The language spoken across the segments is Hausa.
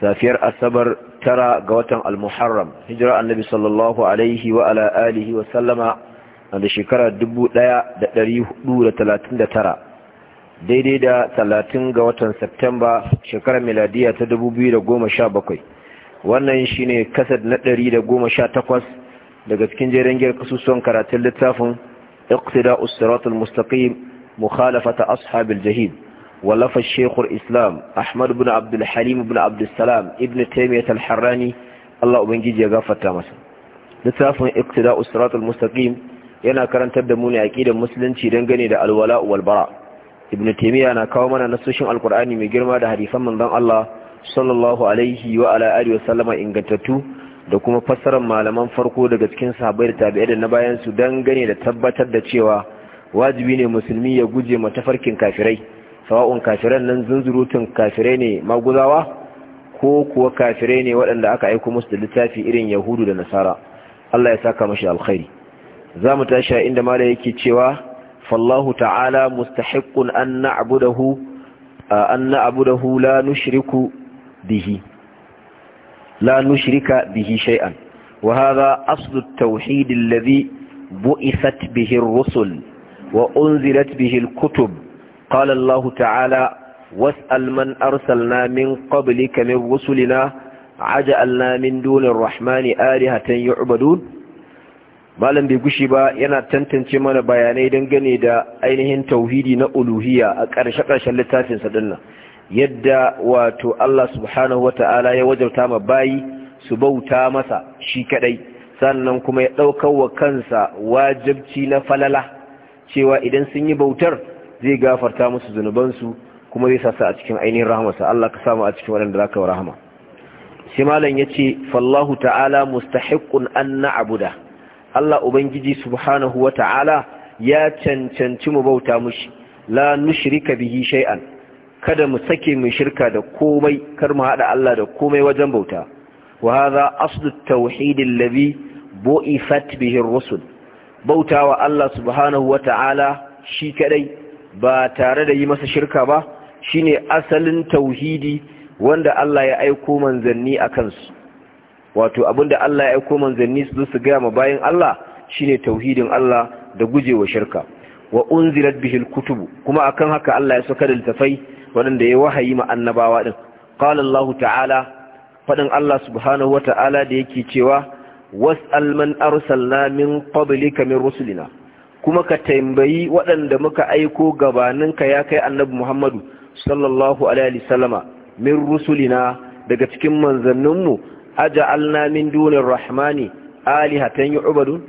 safiyar asabar tara ga watan al-muharram hijira annabi sallallahu alaihi wa ala alihi wa sallama da shekara 1439 daidai da 30 ga watan september shekara miladiya ta 2017 wannan shine kasad na 118 daga cikin jerin gir kasusuwan karatun littafin iqtida'us siratal mustaqim mukhalafata ashabil jahim ولف الشيخ الإسلام أحمد بن عبد الحليم بن عبد السلام ابن تيمية الحراني الله أبنجي يغافة تامسا لتافن اقتداء الصراط المستقيم yana karantar da mu ne aqidar musulunci dangane da alwala wal bara ibnu taymiya na kawo mana nasoshin alkur'ani mai girma da hadisan manzon Allah sallallahu alaihi wa ala alihi wa sallama ingantattu da kuma fassarar malaman farko daga cikin sahabbai da tabi'ai na bayan su dangane da tabbatar da cewa wajibi ne musulmi ya guje ma tafarkin kafirai sawa'un kafiran nan zunzurutun kafirai ne maguzawa ko kuwa kafirai ne waɗanda aka aiko musu da littafi irin yahudu da nasara Allah ya saka mashi alkhairi za mu tashi a inda mala yake cewa fallahu ta'ala mustahiqqun an na'budahu an na'budahu la nushriku bihi la nushrika bihi shay'an wa hadha aslu at-tauhid alladhi bu'ithat bihi ar-rusul wa unzilat bihi al-kutub قال الله تعالى واسأل من أرسلنا من قبلك من رسلنا عجألنا من دون الرحمن آلهة يعبدون malam bai gushi ba yana tantance mana bayanai dangane da ainihin tauhidi na uluhiyya a ƙarshe-ƙarshen littafinsa dinnan yadda wato Allah subhanahu wata'ala ya wajauta ma bayi su bauta masa shi kadai sannan kuma ya ɗaukar wa kansa wajabci na falala cewa idan sun yi bautar zai gafarta musu zunubansu kuma zai sasa a cikin ainihin rahamarsa Allah ka samu a cikin waɗanda zaka rahama Si malam ya ce, fallahu ta'ala mustahiqqun an na'budu Allah ubangiji subhanahu ta'ala ya cancanci mu bauta mushi la nushrika bihi shay'an kada mu sake mu shirka da komai kar mu hada Allah da komai wajen bauta wa hadha aslu at-tauhid alladhi bu'ifat bihi ar-rusul bautawa Allah subhanahu ta'ala shi kadai ba tare da yi masa shirka ba shine asalin tauhidi wanda Allah ya aiko manzanni a kansu wato abinda Allah ya aiko manzanni su su gaya ma bayan Allah shine tauhidin Allah da gujewa shirka wa unzilat bihil kutubu kuma akan haka Allah ya saka littafai waɗanda ya wahayi ma annabawa din qala Allah ta'ala fadin Allah subhanahu wa ta'ala da yake cewa was'al man arsalna min qablika min rusulina kuma ka tambayi waɗanda muka aiko gabaninka ya kai annabi Muhammadu sallallahu alaihi min rusulina daga cikin manzanninmu aja'alna min dunir rahmani alihatan yu'badun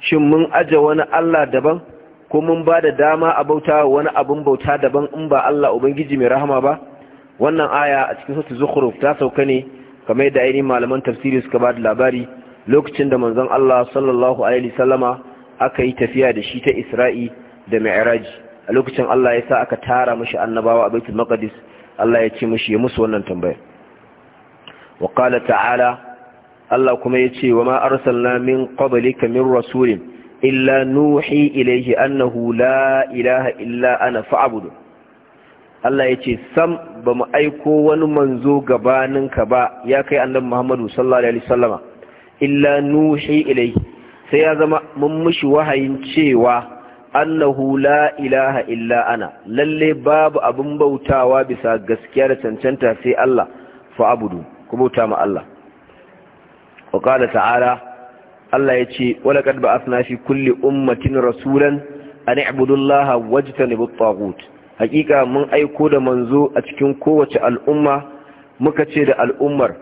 shin mun aja wani Allah daban ko mun ba da dama a bauta wani abin bauta daban in ba Allah ubangiji mai rahama ba wannan aya a cikin sautu zukhruf ta sauka ne kamar da ainihin malaman tafsiri suka ba da labari lokacin da manzon Allah sallallahu alaihi aka yi tafiya da shi ta Isra'i da Mi'raj a lokacin Allah ya sa aka tara mashi annabawa a Baitul Maqdis Allah ya ce mashi ya musu wannan tambaya wa qala ta'ala Allah kuma ya ce wa ma arsalna min qablika min rasulin illa nuhi ilaihi annahu la ilaha illa ana fa'budu Allah ya ce sam ba mu aiko wani manzo gabaninka ba ya kai annabi Muhammadu sallallahu alaihi wasallama illa nuhi ilaihi. sai ya zama mun mushi wahayin cewa annahu la ilaha illa ana lalle babu abin bautawa bisa gaskiya da cancanta sai Allah fa abudu ku bauta ma Allah wa qala ta'ala Allah yace wala qad ba'athna fi kulli ummatin rasulan an i'budu Allah wajtanibu taghut hakika mun aiko da manzo a cikin kowace al'umma muka ce da al'ummar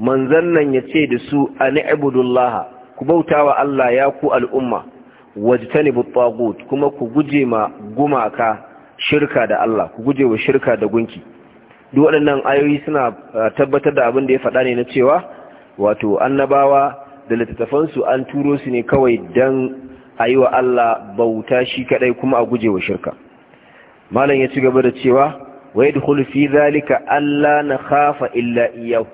manzon nan yace da su an i'budu Allah ku bauta wa Allah ya ku al'umma wajtanibu tagut kuma ku guje ma gumaka shirka da Allah ku guje wa shirka da gunki duk waɗannan ayoyi suna uh, tabbatar da abin da ya faɗa ne na cewa wato annabawa da littattafansu an turo su ne kawai don a yi wa Allah bauta shi kaɗai kuma a guje wa shirka malam ya ci gaba da cewa wa yi fi zalika Allah na illa iyau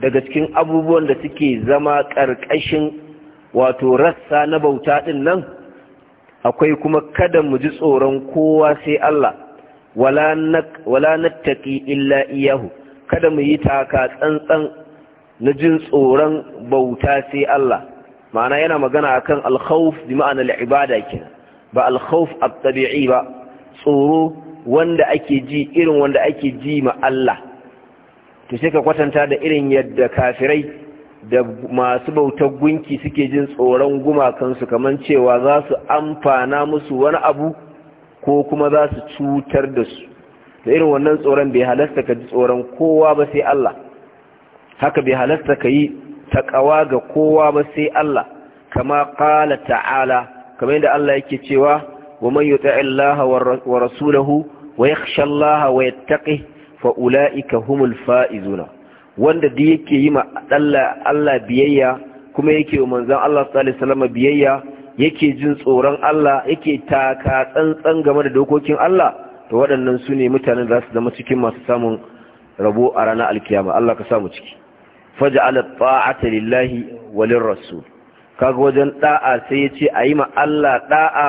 daga cikin abubuwan da suke zama ƙarƙashin wato rassa na bauta ɗin nan akwai kuma kada mu ji tsoron kowa sai Allah wala nattaki illa iyahu kada mu yi taka tsantsan na jin tsoron bauta sai Allah ma'ana yana magana akan alkhawf bi ma'ana al'ibada kenan ba alkhawf at-tabi'i ba tsoro wanda ake ji irin wanda ake ji ma Allah to sai ka kwatanta da irin yadda kafirai da masu bautar gunki suke jin tsoron gumakansu kamar cewa za su amfana musu wani abu ko kuma za su cutar da su da irin wannan tsoron bai halasta ka ji tsoron kowa ba sai Allah haka bai halasta ka yi takawa ga kowa ba sai Allah kama ƙala ta'ala kamar yadda Allah yake cewa wa man yuti'i Allah wa rasulahu wa yakhsha Allah wa yattaqi fa ulaika humul faizuna wanda duk yake yi ma Allah biyayya kuma yake wa manzan Allah sallallahu alaihi biyayya yake jin tsoron Allah yake taka tsantsan game da dokokin Allah to waɗannan su ne mutanen za su zama cikin masu samun rabo a ranar alkiyama Allah ka samu ciki faj'ala ta'ata lillahi walir rasul kaga wajen da'a sai ya yace ayi ma Allah da'a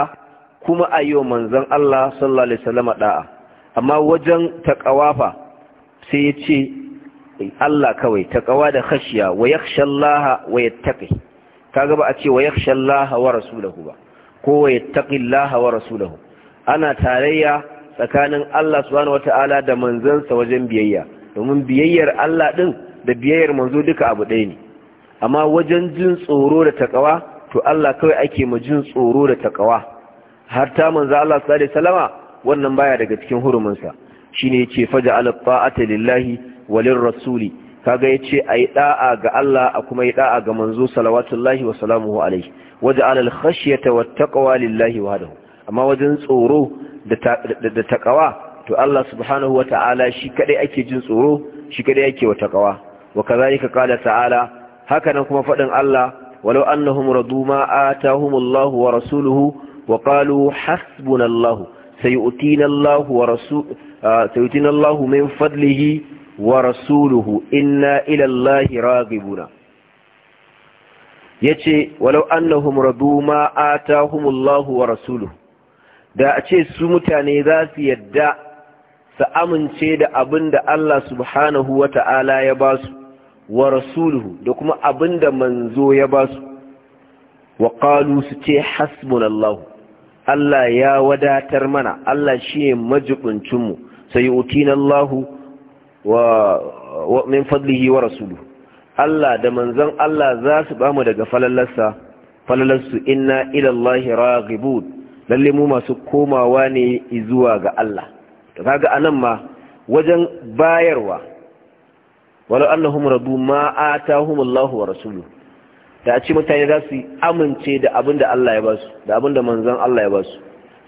kuma a yi wa manzan Allah sallallahu alaihi wasallam da'a amma wajen ta ƙawafa sai ya ce. Allah kawai kawa da khashiya wa yakhsha Allah wa yattaqi kaga ba a ce wa yakhsha Allah wa rasulahu ba ko wa yattaqi Allah wa rasulahu ana tarayya tsakanin Allah subhanahu wataala da manzansa wajen biyayya domin biyayyar Allah din da biyayyar manzo duka abu ɗaya ne amma wajen jin tsoro da taqwa to Allah kawai ake ma jin tsoro da taqwa har ta manzo Allah sallallahu alaihi wasallama wannan baya daga cikin hurumin sa shine yace faja'al ta'ata lillahi walin rasuli kaga yace ayi da'a ga Allah a kuma yi da'a ga manzo salawatullahi wa salamuhu alaihi waje al-khashyata wat-taqwa lillahi wahdahu amma wajen tsoro da taqwa to Allah subhanahu wa ta'ala shi kadai ake jin tsoro shi kadai ake wa taqwa wa kadhalika qala ta'ala haka nan kuma fadin Allah walau annahum radu ma atahumullahu wa rasuluhu wa qalu hasbunallahu sayu'tina Allahu wa rasul ah, sayu'tina Allahu min fadlihi wa rasuluhu inna ila Allah raghibuna yace walau annahum radu ma atahumullahu wa rasuluhu da a ce su mutane za su yadda su amince da abin da Allah subhanahu wa ta'ala ya ba su wa rasuluhu da kuma abin da manzo ya ba su wa ƙalu su ce hasbunallahu Allah ya wadatar mana Allah shi ne majibincinmu sai utinallahu wa min fadlihi wa rasuluhu Allah da manzon Allah za su bamu daga falalarsa falalarsu inna ila Allahi raghibun lalle mu masu komawa ne zuwa ga Allah to kaga anan ma wajen bayarwa wala annahum radu ma atahum Allahu wa rasuluhu da a ce mutane za su amince da abinda Allah ya ba su da abinda manzon Allah ya ba su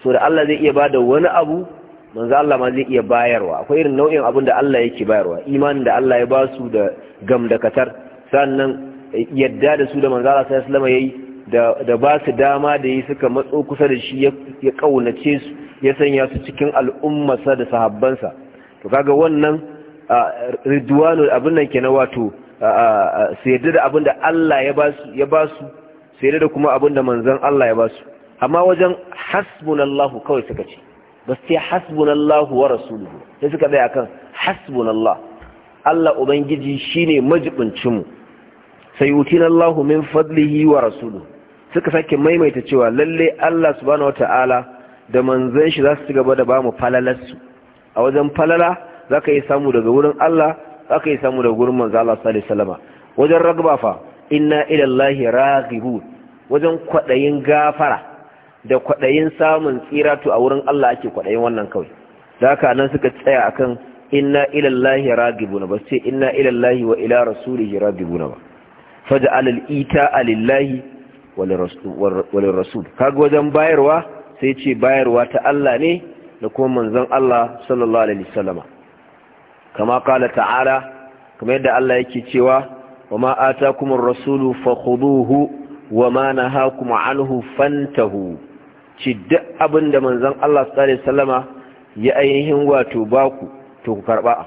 so da Allah zai iya bada wani abu manzo Allah ma zai iya bayarwa akwai irin nau'in abin da Allah yake bayarwa imanin da Allah ya ba su da gamdakatar sannan eh, yadda da su da manzo Allah sallallahu alaihi wasallam yayi da da ba su dama da yi suka matso kusa da shi ya kaunace su ya sanya su cikin al'ummarsa da sahabbansa to kaga wannan ridwanu abin nan kenan wato su da abin da Allah ya ba su ya ba su da kuma abin da manzon Allah ya ba su amma wajen hasbunallahu kawai suka ce ba sai hasbunallahu wa rasuluhu sai suka tsaya akan hasbunallah Allah ubangiji shine majibincin mu sai yutinallahu min fadlihi wa rasuluhu suka sake maimaita cewa lalle Allah subhanahu ta'ala da manzon shi za su ci gaba da bamu falalarsu a wajen falala zaka yi samu daga wurin Allah zaka yi samu daga wurin manzo Allah sallallahu alaihi wasallam wajen ragbafa inna ila raghibun wajen kwadayin gafara da kwaɗayin samun tsira to a wurin Allah ake kwaɗayin wannan kawai da haka nan suka tsaya akan inna ilallahi ragibuna ba sai inna ilallahi wa ila rasulihi ragibuna ba faja alal ita alillahi wal rasul kaga wajen bayarwa sai ce bayarwa ta Allah ne da kuma manzon Allah sallallahu alaihi wasallama kama kala ta'ala yadda Allah yake cewa wama atakumur rasulu fakhuduhu wama nahakum anhu fantahu ci duk abin da manzan Allah su alaihi salama ya ainihin wato ku to ku karba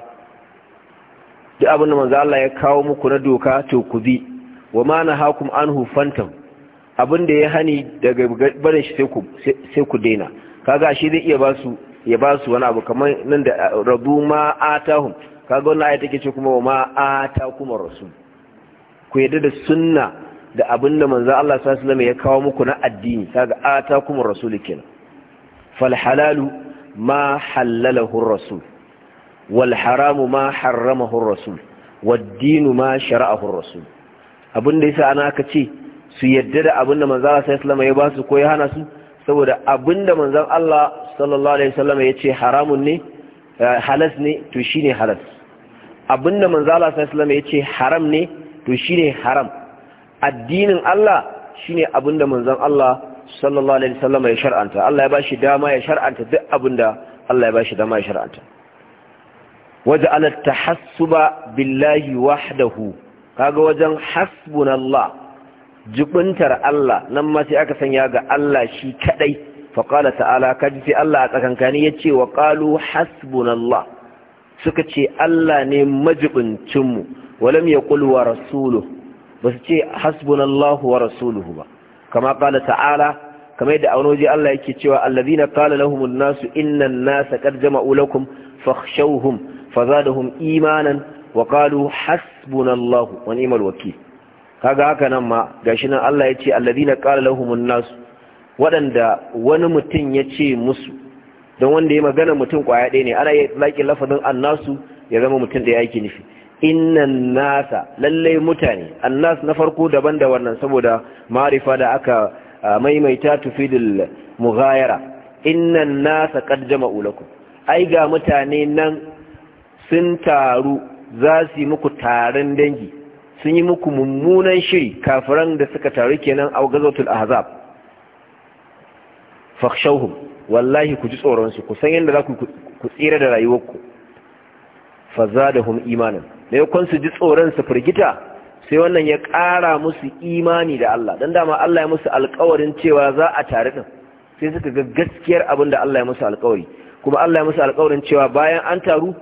duk abin da manzan Allah ya kawo muku na doka to ku bi wa ma nahakum anhu fantam abin da ya hani daga barin shi sai ku daina kaga shi zai iya basu ya basu wani abu kamar nan da rabu ma hun kaga wani ayyata ke ce kuma wa ma kuma rasu? ku yadda da sunna da abin da manzo Allah sallallahu alaihi ya kawo muku na addini kaga atakumur rasul kenan fal Falhalalu ma halalahu rasul wal haramu ma harramahu rasul wad dinu ma shara'ahu rasul abin da yasa ana aka ce su yadda da abin da manzo Allah sallallahu alaihi ya ba su ko ya hana su saboda abin da manzan Allah sallallahu alaihi wasallam ya ce haramun ne eh, halas ne to shine halas abin da manzo Allah sallallahu alaihi wasallam ya ce haram ne to shine haram addinin Allah shine abinda manzon Allah sallallahu alaihi wasallam ya shar'anta Allah ya bashi dama ya shar'anta duk abinda Allah ya bashi dama ya shar'anta waja'ala tahassuba billahi wahdahu kaga wajen hasbunallah jubuntar Allah nan ma aka sanya ga Allah shi kadai fa qala ta'ala ji sai Allah a tsakankani yace wa qalu hasbunallah suka ce Allah ne majibincin mu walam yaqul wa rasuluhu ba su ce hasbunallahu wa rasuluhu ba kama qala ta'ala kamar da aunoji Allah yake cewa allazina qala lahumun nasu innan nasa qad jama'u lakum fakhshawhum fazadahum imanan wa qalu hasbunallahu wa ni'mal wakeel kaga haka nan ma gashi nan Allah ya ce allazina qala lahumun nasu waɗanda wani mutum ya ce musu don wanda ya magana mutum kwaya ɗaya ne ana yi laƙin lafazin annasu ya zama mutum da ya yake nufi innan nasa lallai mutane annas na farko daban da wannan saboda marifa da aka maimaita tufidul mughayara innan nasa kad jama'u lakum ai ga mutane nan sun taru za su yi muku taron dangi sun yi muku mummunan shiri kafiran da suka taru kenan a gazotul ahzab fakhshawhum wallahi ku ji tsoron su ku san yadda za ku tsira da rayuwarku fazadahum imanan maimakon su ji tsoron su firgita sai wannan ya ƙara musu imani da Allah don dama Allah ya musu alkawarin cewa za a tare din sai suka ga gaskiyar abin da Allah ya musu alkawari kuma Allah ya musu alkawarin cewa bayan an taru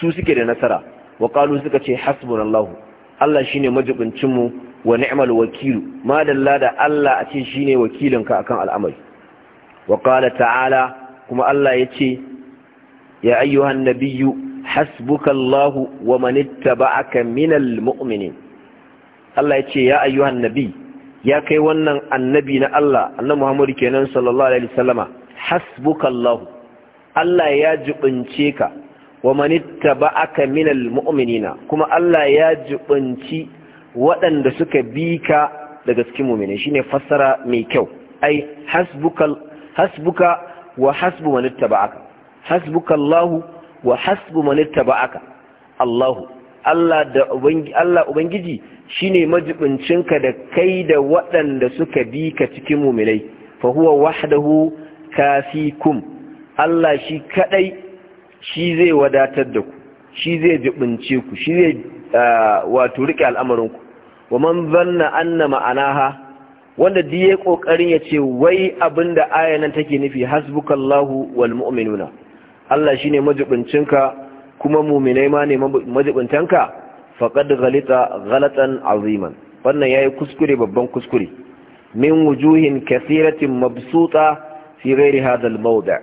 su suke da nasara wa suka ce hasbunalahu Allah shine ne mu wa ni'mal wakilu, madalla da Allah a ce shi wakilin wakilinka akan al'amari wa ta'ala kuma Allah ya ce ya ayyuhan nabiyyu hasbukallahu wa manittaba'aka minal mu'minin Allah ya ce ya ayyuhan nabi ya kai wannan annabi na Allah annabi Muhammadu kenan sallallahu alaihi wasallama hasbukallahu Allah ya jubince ka wa manittaba'aka minal mu'minina kuma Allah ya jubinci waɗanda suka bi ka daga cikin mu'mini shine fassara mai kyau ai hasbukal hasbuka wa hasbu manittaba'aka hasbukallahu wa hasbu man aka? Allahu Allah da ubangi Allah ubangiji shine majibincinka da kai da waɗanda suka bi ka cikin mumilai fa huwa wahdahu kafikum Allah shi kadai shi zai wadatar da ku shi zai jibince ku shi zai wato rike al'amarin ku wa man zanna anna ma'anaha wanda duk ya kokarin ya ce wai abinda ayanan take nufi hasbukallahu wal mu'minuna Allah shine majibincinka kuma mu'minai ma ne majibintanka faqad ghalita ghalatan aziman wannan yayi kuskure babban kuskure min wujuhin kasiratin mabsuta fi ghairi hadha al-mawdi'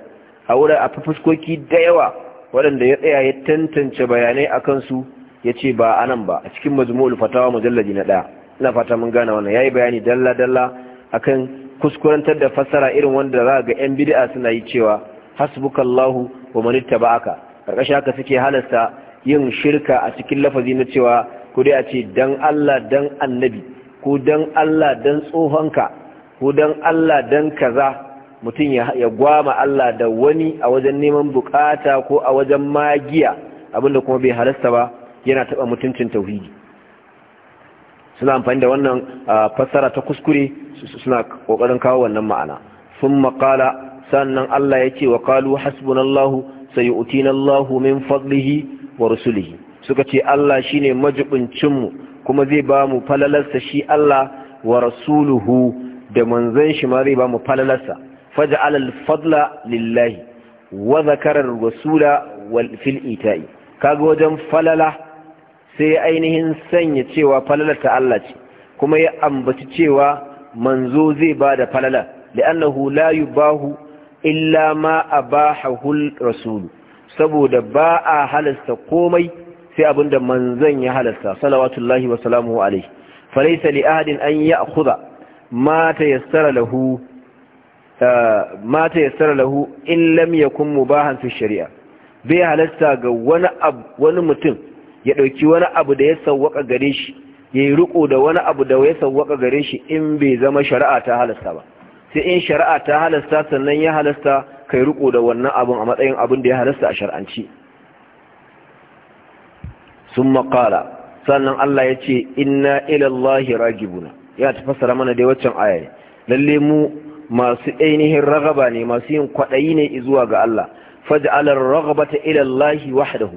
aure a fuskoki da yawa waɗanda ya tsaya ya tantance bayanai kansu, ya yace ba nan ba a cikin majmu'ul fatawa mujalladi na ɗaya. ina fata mun gane wannan yayi bayani dalla dalla akan kuskurantar da fassara irin wanda za ga yan bid'a suna yi cewa hasbukallahu wa man aka karkashi haka suke halasta yin shirka a cikin lafazi na cewa ku dai a ce dan Allah dan annabi ko dan Allah dan tsohonka ko dan Allah dan kaza mutum ya gwama Allah da wani a wajen neman bukata ko a wajen magiya abinda kuma bai halasta ba yana taba mutuncin tauhidi suna amfani da wannan ah, fassara ta kuskure suna ƙoƙarin kawo wannan ma'ana sun maƙala sannan Allah ya ce wa kalu hasbunallahu sayu'tinallahu min fadlihi wa rusulihi suka ce Allah shine majibincin mu kuma zai ba mu falalarsa shi Allah wa rasuluhu da manzon shi ma zai ba mu falalarsa faj'al al-fadla lillahi wa zakara ar-rasula wal fil ita'i kaga wajen falala sai ainihin sanya cewa falalar ta Allah ce kuma ya ambaci cewa manzo zai ba da falala li'annahu la yubahu illa ma abahahul rasul saboda ba a halasta komai sai abinda manzon ya halasta salawatullahi wa alaihi falaysa li ahadin an ya'khudha ma tayassara lahu uh, ma tayassara lahu in lam yakun mubahan fi shari'a bai halasta ga wani mutum ya ɗauki wani abu da ya sauwaƙa gare shi yayi riko da wani abu da ya sauwaƙa gare shi in bai zama shari'a ta halasta ba sai in shari'a ta halasta sannan ya halasta kai riko da wannan abin a matsayin abin da ya halasta a shar'anci sun makara sannan Allah ya ce inna ilallahi ragibuna ya ta fassara mana dai waccan ayayi lalle mu masu ainihin ragaba ne masu yin kwaɗayi ne zuwa ga Allah faj'alar ragabata ilallahi wahdahu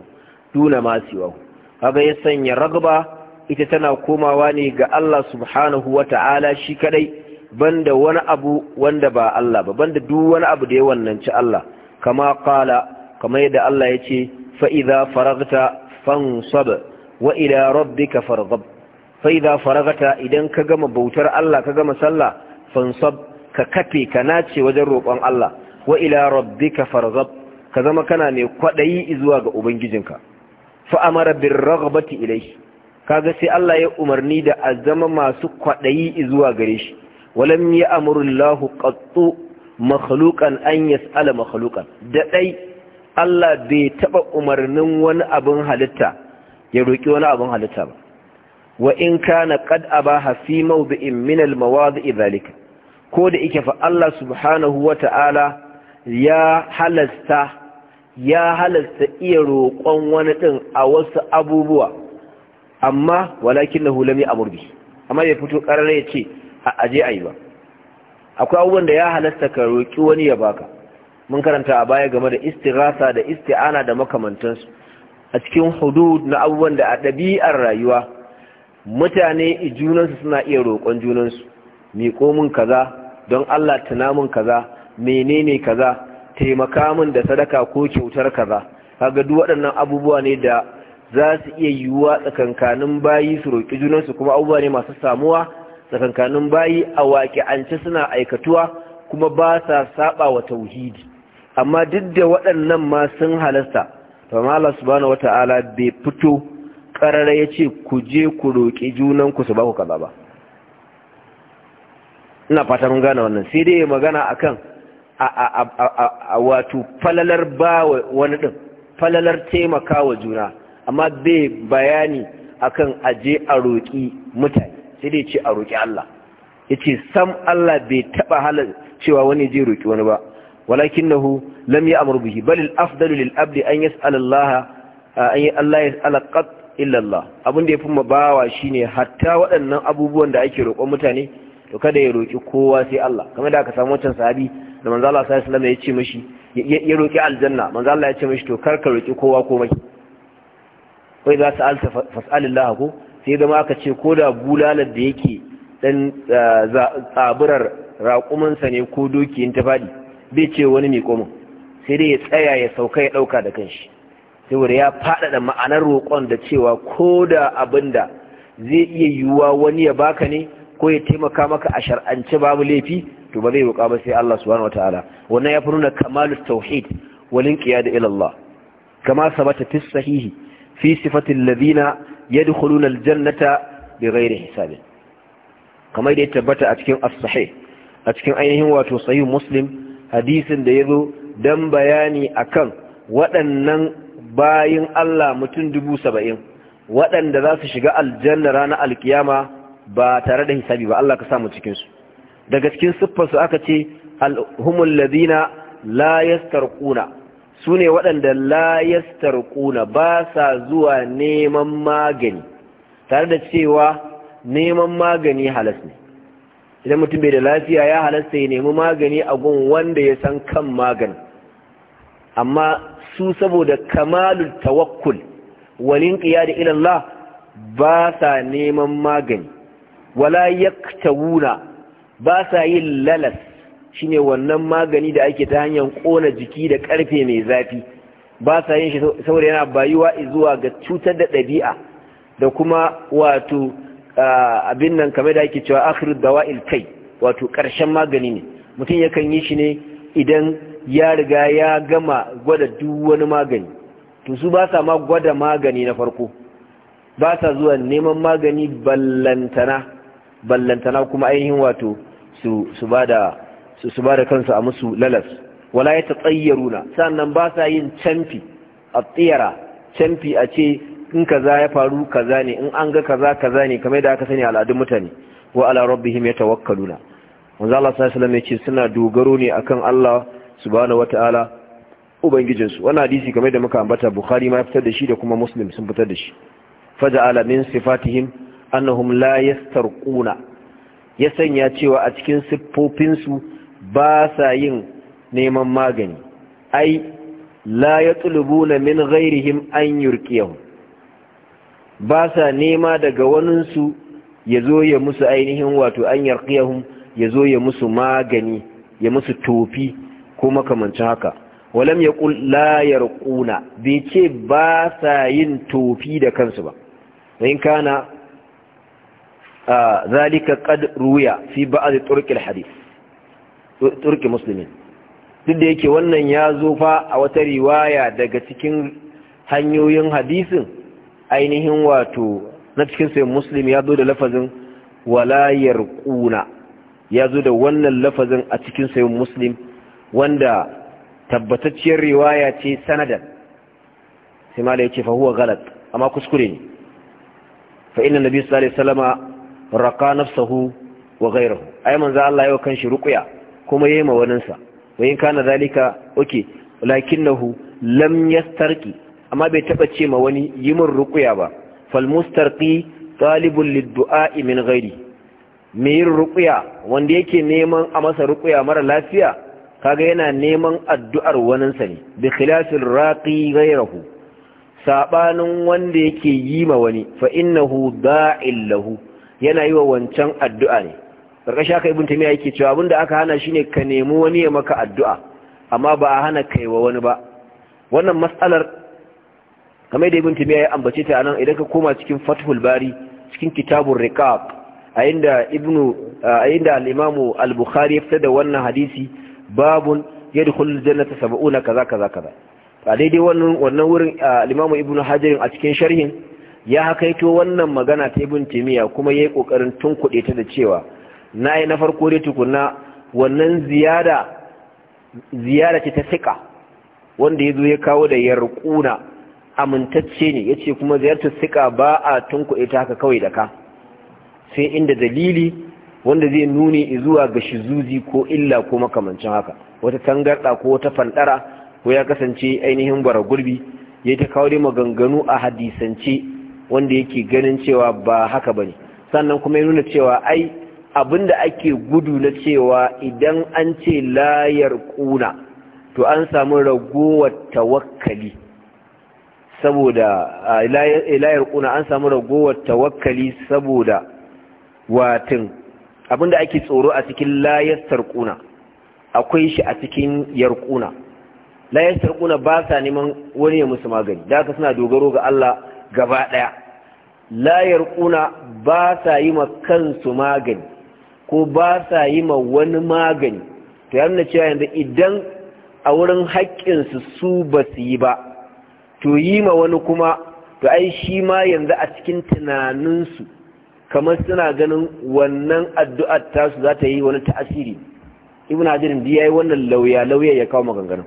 duna ma siwahu kaga ya sanya ragaba ita tana komawa ne ga Allah subhanahu wata'ala shi kadai banda wani abu wanda ba Allah ba banda duk wani abu da ya wannanci Allah kama qala kama yadda Allah yace fa idza faragta fansab wa ila rabbika farghab fa idza faragta idan ka gama bautar Allah ka gama sallah fansab ka kafe ka nace wajen roƙon Allah wa ila rabbika farghab ka zama kana ne kwadayi zuwa ga ubangijinka fa amara bir raghbati ilayhi kaga sai Allah ya umarni da azama masu kwadayi zuwa gare shi walam ya amurullahu qattu makhluqan an yas'ala makhluqan da dai Allah bai taɓa umarnin wani abin halitta ya roƙi wani abin halitta ba wa in kana qad abaha fi mawdi'in min al-mawadi'i dhalika ko da yake fa Allah subhanahu wata'ala ya ya halasta iya roƙon wani ɗin a wasu abubuwa amma walakin na hulami a murbi amma ya fito ƙarare ya ce a je a yi ba akwai abubuwan da ya halasta ka roƙi wani ya baka mun karanta a baya game da istirasa da isti'ana da makamantansu a cikin hudud na abubuwan da a ɗabi'ar rayuwa mutane junansu suna iya roƙon junansu miƙo min kaza don Allah tuna min kaza menene kaza taimaka min da sadaka ko kyautar kaza kaga duk waɗannan abubuwa ne da za su iya yiwuwa tsakankanin bayi su roƙi junansu kuma abubuwa ne masu samuwa tsakankanin bayi a waƙi'ance suna aikatuwa kuma ba sa saba wa tauhidi amma duk da waɗannan ma sun halasta to Allah subhanahu wata'ala bai fito ya yace ku je ku roƙi junan ku su ba ku kaza ba ina fata mun gane wannan sai dai magana akan a wato falalar ba wani din falalar taimaka wa juna amma bai bayani akan aje a roƙi mutane sai dai ce a roƙi Allah ya ce sam Allah bai taɓa halar cewa wani zai roƙi wani ba walakin na hu lam yi amur buhi bali afdalu lil abdi an yas'al Allah an yi Allah ya qat illallah abin da ya fi mabawa shine hatta waɗannan abubuwan da ake roƙon mutane to kada ya roƙi kowa sai Allah Kama da aka samu wancan sahabi da manzo Allah sallallahu ya ce mishi ya roƙi aljanna manzo Allah ya ce mishi to kar ka roƙi kowa komai wai za su alta fas'alillah ko sai zama aka ce ko da bulalar da yake dan eh, tsaburar raƙumansa ne ko dokiyin ta faɗi bai ce wani mai komin sai dai ya tsaya ya sauka ya ɗauka da kanshi saboda ya faɗaɗa ma'anar roƙon da cewa ko da abin da zai iya yiwuwa wani ya baka ne ko ya taimaka maka a shar'ance babu laifi to ba zai roƙa ba sai Allah subhanahu wataala wannan ya fi nuna kamalu tauhid walin da ila Allah kama sabata fi sahihi fi sifatil ladina yadkhuluna aljannata bighairi hisabin kamar da ya tabbata a cikin as a cikin ainihin wato sahih muslim hadisin da ya zo dan bayani akan waɗannan bayin Allah mutum dubu saba'in waɗanda za su shiga aljanna ranar alkiyama ba tare da hisabi ba Allah ka samu cikinsu daga cikin siffarsu aka ce humul ladina la yastarquna su ne waɗanda layastar ƙuna ba sa zuwa neman magani tare da cewa neman magani halas ne idan mutum bai da lafiya ya halasta ya nemi magani a gun wanda ya san kan magani amma su saboda kamalul tawakkul walin ƙiya da la ba sa neman magani wala wuna ba sa yin lalas shine wannan magani da ake ta hanyar kona jiki da karfe mai zafi ba sa yin shi saboda yana bayuwa zuwa ga cutar da ɗabi'a da kuma wato abin nan kamar da ake cewa akhiru dawa'il kai wato ƙarshen magani ne mutum yakan yi shi ne idan ya riga ya gama gwada duk wani magani to su ba sa ma gwada magani na farko ba sa zuwa neman magani ballantana ballantana kuma ainihin wato su ba da su su ba da kansu a musu lalas wala ya tsayyaruna sannan ba sa yin canfi a tsiyara canfi a ce in kaza ya faru kaza ne in an ga kaza kaza ne kamar da aka sani al'adun mutane wa ala rabbihim yatawakkaluna manzo Allah sallallahu alaihi wasallam yace suna dogaro ne akan Allah subhanahu wataala ubangijinsu wannan hadisi kamar da muka ambata bukhari ma fitar da shi da kuma muslim sun fitar da shi faja'ala min sifatihim annahum la yastarquna ya sanya cewa a cikin siffofinsu ba sa yin neman magani ai la ya tulubuna min ghairihim an yurkiyahu ba sa nema daga waninsu ya zo ya musu ainihin wato an yarkiyahu ya zo ya musu magani ya musu tofi ko makamancin haka walam ya kul la yarquna bai ce ba sa yin tofi da kansu ba in kana zalika qad ruya fi ba'd turqil hadith turki musulmi duk da yake wannan ya zo fa a wata riwaya daga cikin hanyoyin hadisin ainihin wato na cikin sai musulmi ya zo da lafazin walayar kuna ya zo da wannan lafazin a cikin sai musulmi wanda tabbatacciyar riwaya ce sanadan sai mala ya ce fahuwa galat amma kuskure ne fa inna nabi sallallahu alaihi wasallama raqa nafsahu wa ghayruhu ai za Allah yau kan shi ruqya kuma yayi ma waninsa wa in kana zalika okay lakinnahu lam yastarqi amma bai taba ce ma wani yi min ruqya ba fal mustarqi talibun lid-du'a'i me yin ruqya wanda yake neman a masa rukuya mara lafiya kaga yana neman addu'ar waninsa ne bi raƙi, raqi Saɓanin sabanin wanda yake yi ma wani fa innahu da'il lahu yana yi wa wancan addu'a ne karkashin haka ibn tamiya yake cewa abinda aka hana ne ka nemi wani ya maka addu'a amma ba a hana kai wa wani ba wannan matsalar kamar da ibn tamiya ya ambace ta anan idan ka koma cikin fatihul bari cikin kitabun rikab a inda alimamu al bukhari ya fita da wannan hadisi babun ta jannata na kaza kaza kaza a daidai wannan wurin al ibn hajar a cikin sharhin ya hakaito wannan magana ta ibn tamiya kuma ya yi ƙoƙarin tun kuɗe ta da cewa na yi na farko dai tukuna wannan ziyara ziyara ce ta sika wanda ya zo ya kawo da yarkuna amintacce ne ya ce kuma ziyartar sika ba a tunku ita haka kawai da ka sai inda dalili wanda zai nuni zuwa ga shizuzi ko illa ko makamancin haka wata tangarɗa ko wata fanɗara ko ya kasance ainihin gwara gurbi ya ta kawo dai maganganu a hadisance wanda yake ganin cewa ba haka ba ne sannan kuma ya nuna cewa ai abinda ake gudu na cewa idan an ce layar kuna to an samu ragowar tawakkali saboda layar kuna an samu ragowar tawakkali saboda watin abinda ake tsoro a cikin layar kuna akwai shi a cikin yarkuna layar kuna ba sa neman wani ya musu magani da aka suna dogaro ga Allah gaba ɗaya. layar kuna ba sa yi ma kansu magani ko ba sa yi ma wani magani to ya nuna cewa yanzu idan a wurin haƙƙinsu su ba su yi ba to yi ma wani kuma to ai shi ma yanzu a cikin tunaninsu kamar suna ganin wannan addu'ar tasu za ta yi wani ta'asiri ibn hajirin da ya yi wannan lauya lauya ya kawo maganganun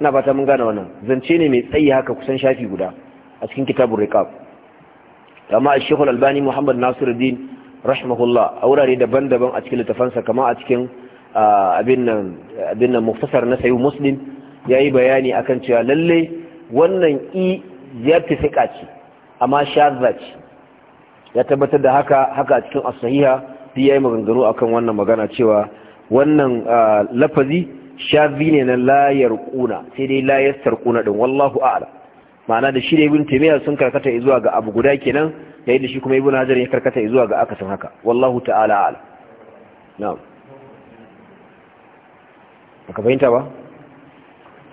ina fata mun gane wannan zance ne mai tsayi haka kusan shafi guda a cikin kitabun riqab amma a shekul albani muhammad nasiruddin rahimahullah a wurare daban-daban a cikin littafansa kama a cikin abin nan muftasar na sayu muslim ya yi bayani akan cewa lalle wannan i ziyarta fiƙa ce amma sha ce ya tabbatar da haka haka a cikin asahiha fi ya yi maganganu kan wannan magana cewa wannan lafazi shazi ne na layar kuna sai dai layar sarkuna ɗin wallahu a'ala ma'ana da shi da bin taymiya sun karkata zuwa ga abu guda kenan yi da shi kuma ibnu hajar ya karkata zuwa ga akasin haka wallahu ta'ala ala na'am baka fahimta ba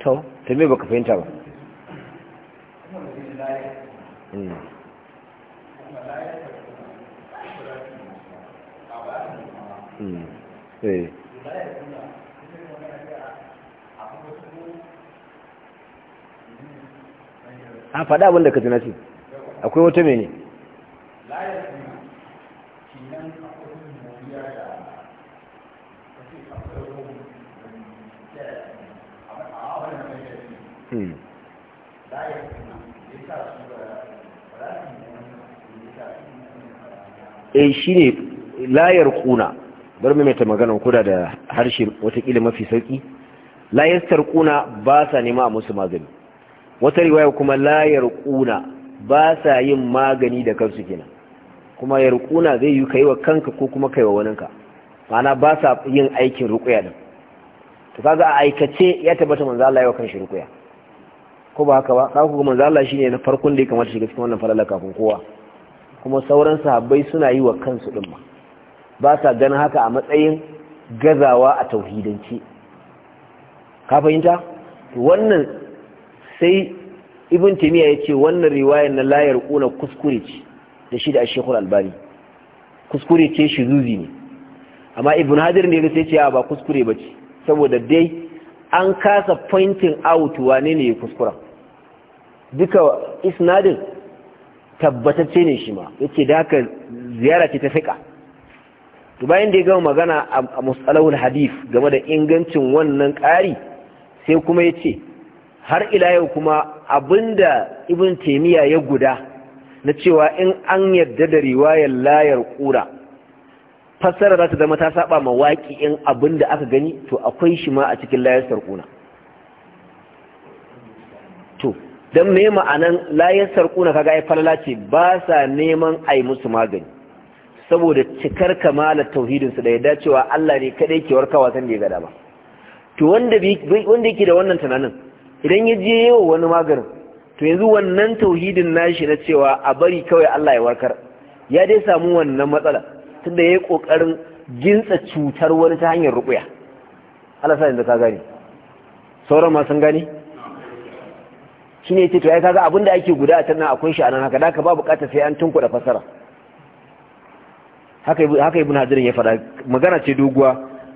to ta me baka fahimta ba hmm. eh. a faɗa abinda ka tunasi akwai wata mene layar shine akwai moriya hmm. layar ya sa su da eh shi ne layar kuna bar mai mata maganan kuda da harshe watakila mafi sauki layar kuna ba sa nema a musu magani wata riwaya kuma layar kuna ba sa yin magani da kansu kenan kuma ya rukuna zai yi kaiwa kanka ko kuma kaiwa wa waninka mana ba sa yin aikin rukuya din to kaga a aikace ya tabbata manzo Allah ya wa kanshi rukuya ko ba haka ba ka ku manzo Allah shine na farkon da ya kamata shiga cikin wannan falala kafin kowa kuma sauran sahabbai suna yi wa kansu din ma ba sa ganin haka a matsayin gazawa a tauhidanci ka fahimta wannan sai ibn timiya ya ce wannan riwayar na layar kuna kuskure ce da shi da ashekul albani kuskure ce shi zuzi ne amma ibn hadir ne sai ce ba kuskure ba ce saboda dai an kasa pointing out wane ne ya kuskura duka isnadin tabbatacce ne shi ma ya da haka ziyara ce ta fika to bayan da ya gama magana a musalahul hadith game da ingancin wannan ƙari sai kuma ya ce har ila yau kuma abinda ibn Taimiyya ya guda na cewa in an yarda da riwayar layar kura fassara za ta zama ta saba ma waƙi in abin da aka gani to akwai shi ma a cikin layar sarkuna to don me ma'anan layar sarkuna kaga ai falala ce ba sa neman ai musu magani saboda cikar kamalar su da ya dacewa Allah ne kadai ke warka wasan da ya gada ba to wanda yake da wannan tunanin idan ya je yawa wani maganin to yanzu wannan tauhidin nashi na cewa a bari kawai Allah ya warkar ya dai samu wannan matsala tunda yayi kokarin jinsa cutar wani ta hanyar ruqya Allah sa da ka gani sauran ma sun gani shine yace to ai kaga abinda ake guda a tannan akwai shi anan haka da ka ba bukata sai an tunkuda fasara haka haka ibn hadirin ya fada magana ce doguwa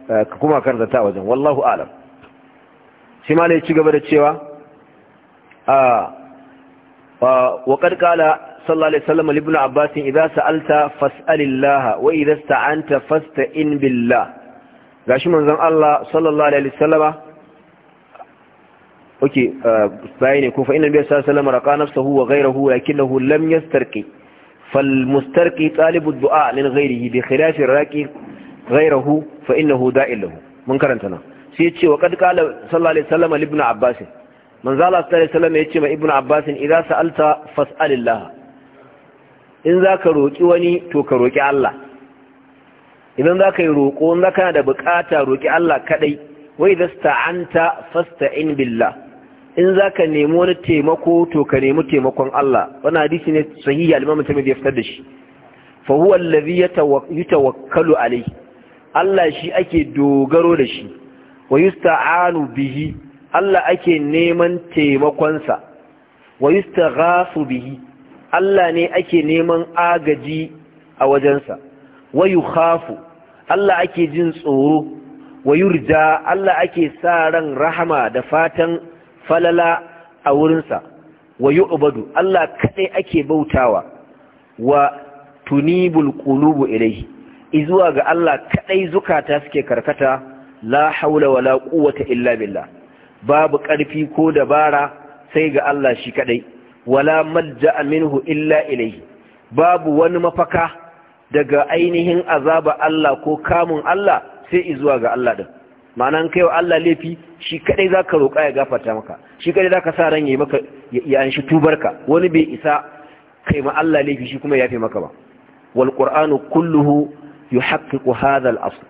eh, ka kuma kar zata wajen wallahu a'lam shi ma ne ci gaba da cewa a ah, وقد قال صلى الله عليه وسلم لابن عباس إذا سألت فاسأل الله وإذا استعنت فاستئن بالله gashi manzon Allah sallallahu alaihi wasallam oke bayi ne ko fa inna biya sallallahu raqa nafsuhu wa ghayruhu lakinnahu lam yastarqi fal mustarqi talibu du'a lil ghayrihi bi khilafi raqi ghayruhu fa innahu da'il lahu mun karanta na sai ya ce wa qad qala sallallahu alaihi wasallam ibn abbas manzala sallallahu alaihi wasallam yace ma ibnu abbas idza sa'alta fas'alillah in zaka roki wani to ka roki Allah idan zaka yi roko in zaka da bukata roki Allah kadai wa idza sta'anta fasta'in billah in zaka nemi wani taimako to ka nemi taimakon Allah wannan hadisi ne sahihi al-imam Tirmidhi ya fitar da shi fa huwa alladhi yatawakkalu alayhi Allah shi ake dogaro da shi wa yusta'anu bihi Allah ake neman taimakonsa wa yustaghafu bihi Allah ne ake neman agaji a wajensa wa yukhafu Allah ake jin tsoro wa yurja Allah ake sa ran rahama da fatan falala a wurinsa wa yu'badu Allah kaɗai ake bautawa wa tunibul qulubu ilayhi izuwa ga Allah kaɗai zukata suke karkata la haula wala quwwata illa billah babu ƙarfi ko dabara sai ga Allah shi kaɗai wala malja'a minhu illa ilaihi babu wani mafaka daga ainihin azaba Allah ko kamun Allah sai izuwa ga Allah din ma'ana kai wa Allah laifi shi kadai zaka roƙa ya gafarta maka shi kadai zaka sa ran yayi maka ya anshi tubarka wani bai isa kai ma Allah laifi shi kuma yafe maka ba wal qur'anu kulluhu yuhaqqiqu hadha al asl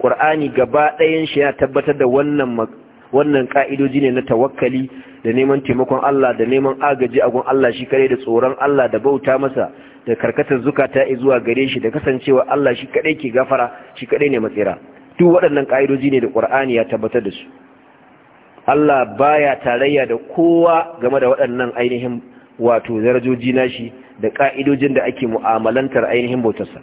qur'ani gaba ɗayan shi ya tabbatar da wannan wannan ka'idoji ne na tawakkali da neman taimakon Allah da neman agaji a gun Allah shi kare da tsoron Allah da bauta masa da karkatar zukata zuwa gare shi da kasancewa Allah shi kadai ke gafara shi kadai ne matsira duk waɗannan ka'idoji ne da Qur'ani ya tabbatar da su Allah baya tarayya da kowa game da waɗannan ainihin wato darajoji nashi da ka'idojin da ake mu'amalantar ainihin bautarsa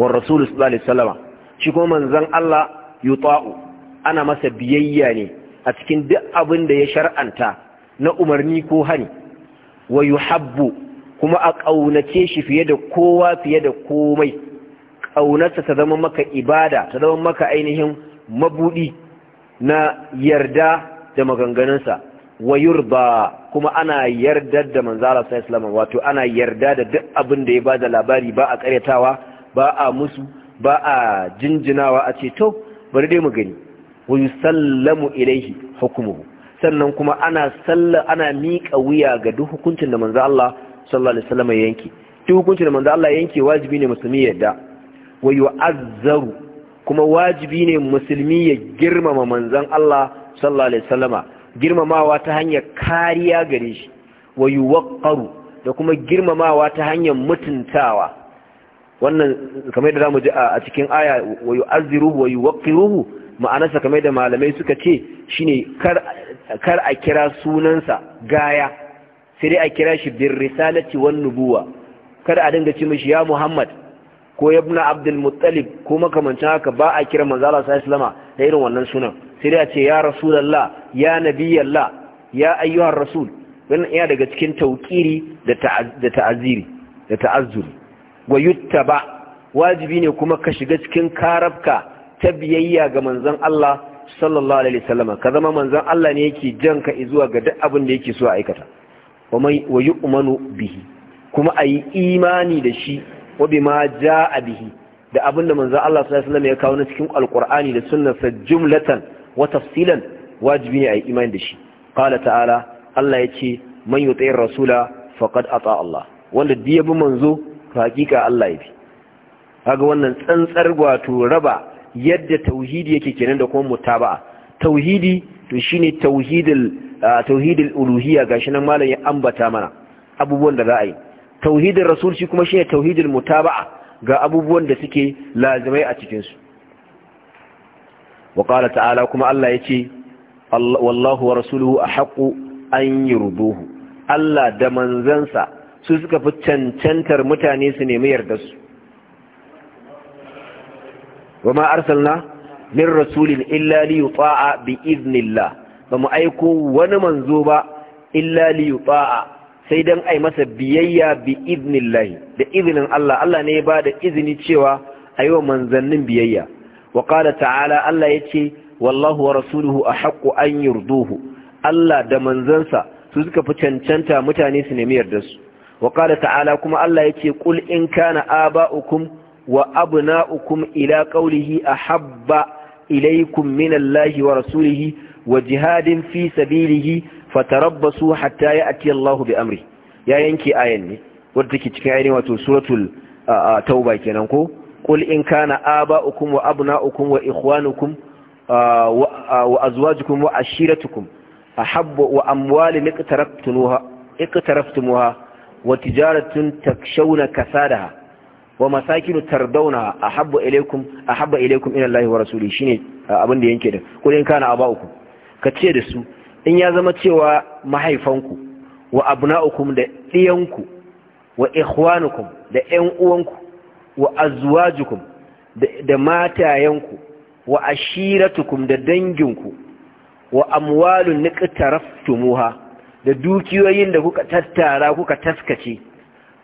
wa rasulullahi sallallahu alaihi wasallam shi kuma manzon Allah yuta'u ana masa biyayya ne a cikin duk abin da ya shar'anta na umarni ko hani wa Habbu, kuma a ƙaunace shi fiye da kowa fiye da komai ƙaunarsa ta zama maka ibada ta zama maka ainihin mabudi na yarda da maganganunsa wa yurba kuma ana yarda da manzala sa islam wato ana yarda da duk abin da ya ba da labari ba a karyatawa ba a musu ba a jinjinawa a ce to bari dai mu gani wa yusallamu ilaihi hukmuhu sannan kuma ana salla ana miƙa wuya ga duk hukuncin da manzo Allah sallallahu alaihi wasallam yanke duk hukuncin da manzo Allah yanke wajibi ne musulmi ya da wa yu'azzaru kuma wajibi ne musulmi ya girmama manzon Allah sallallahu alaihi wasallama girmamawa ta hanyar kariya gare shi wa yuwaqqaru da kuma girmamawa ta hanyar mutuntawa wannan kamar yadda zamu ji a cikin aya wa yu'azziruhu wa yuwaqqiruhu ma'anarsa kamar da malamai suka ce shi ne kar a kira sunansa gaya sai dai a kira shi bin risalati wan nubuwa kar a dinga ce mashi ya muhammad ko ya buna abdul mutalib ko makamancin haka ba a kira manzo sa islama da irin wannan sunan sai dai a ce ya Rasulallah, ya nabiyallah ya ayyuhar rasul wannan yana daga cikin tauqiri da da ta'aziri da ta'azzuri wa yuttaba wajibi ne kuma ka shiga cikin karabka ta biyayya ga manzon Allah sallallahu alaihi wasallam ka zama manzon Allah ne yake jan janka zuwa ga duk abin da yake so a aikata wa mai wa yu'manu bihi kuma ayi imani da shi wa bima jaa bihi da abin da manzon Allah sallallahu alaihi wasallam ya kawo na cikin alqur'ani da sa jumlatan wa tafsilan wajibi ne ayi imani da shi qala ta'ala Allah yace man yuti'ir rasula faqad ata Allah wanda diyabi manzo hakika Allah yabi kaga wannan tsantsar wato raba yadda tauhidi yake kenan da kuma mutaba'a tauhidi to shine tauhidul tauhidul uluhiyya gashi nan malam ya ambata mana abubuwan da za a yi tauhidin rasul shi kuma shine tauhidul mutaba'a ga abubuwan da suke lazimai a cikin su wa qala ta'ala kuma Allah yace wallahu wa rasuluhu ahqqu an yurduhu Allah da manzansa su suka fi cancantar mutane su nemi yarda su wama arsalna min rasulin illa li bi idnillah bamu aiko wani manzo ba illa li sai dan ai masa biyayya bi idnillah da izinin Allah Allah ne ya bada izini cewa ayo manzannin biyayya wa qala ta'ala Allah yace wallahu wa rasuluhu ahaqqu an yurduhu Allah da manzansa su suka fi cancanta mutane su nemi yardar su wa qala ta'ala kuma Allah yace qul in kana aba'ukum wa abna'ukum ila qawlihi ahabba ilaykum min Allahi wa rasulihi wa jihadin fi sabilihi fatarabbasu hatta ya'ti Allahu bi amri ya yanke ayan ne wadda take cikin ayan wato suratul tauba kenan ko qul in kana aba'ukum wa abna'ukum wa ikhwanukum wa azwajukum wa ashiratukum ahabbu wa amwalin iqtarabtumuha iqtaraftumuha wa tijaratun takshawna kasadaha wa masakinu tardauna ahabba ilaykum ahabba ilaykum ila Allah wa rasuli shine abin da yanke da ko in kana aba'ukum ka ce da su in ya zama cewa mahaifanku wa abna'ukum da diyanku wa ikhwanukum da ƴan uwanku wa azwajukum da matayanku wa ashiratukum da danginku wa amwalun niqtaraftumuha da dukiyoyin da kuka tattara kuka taskace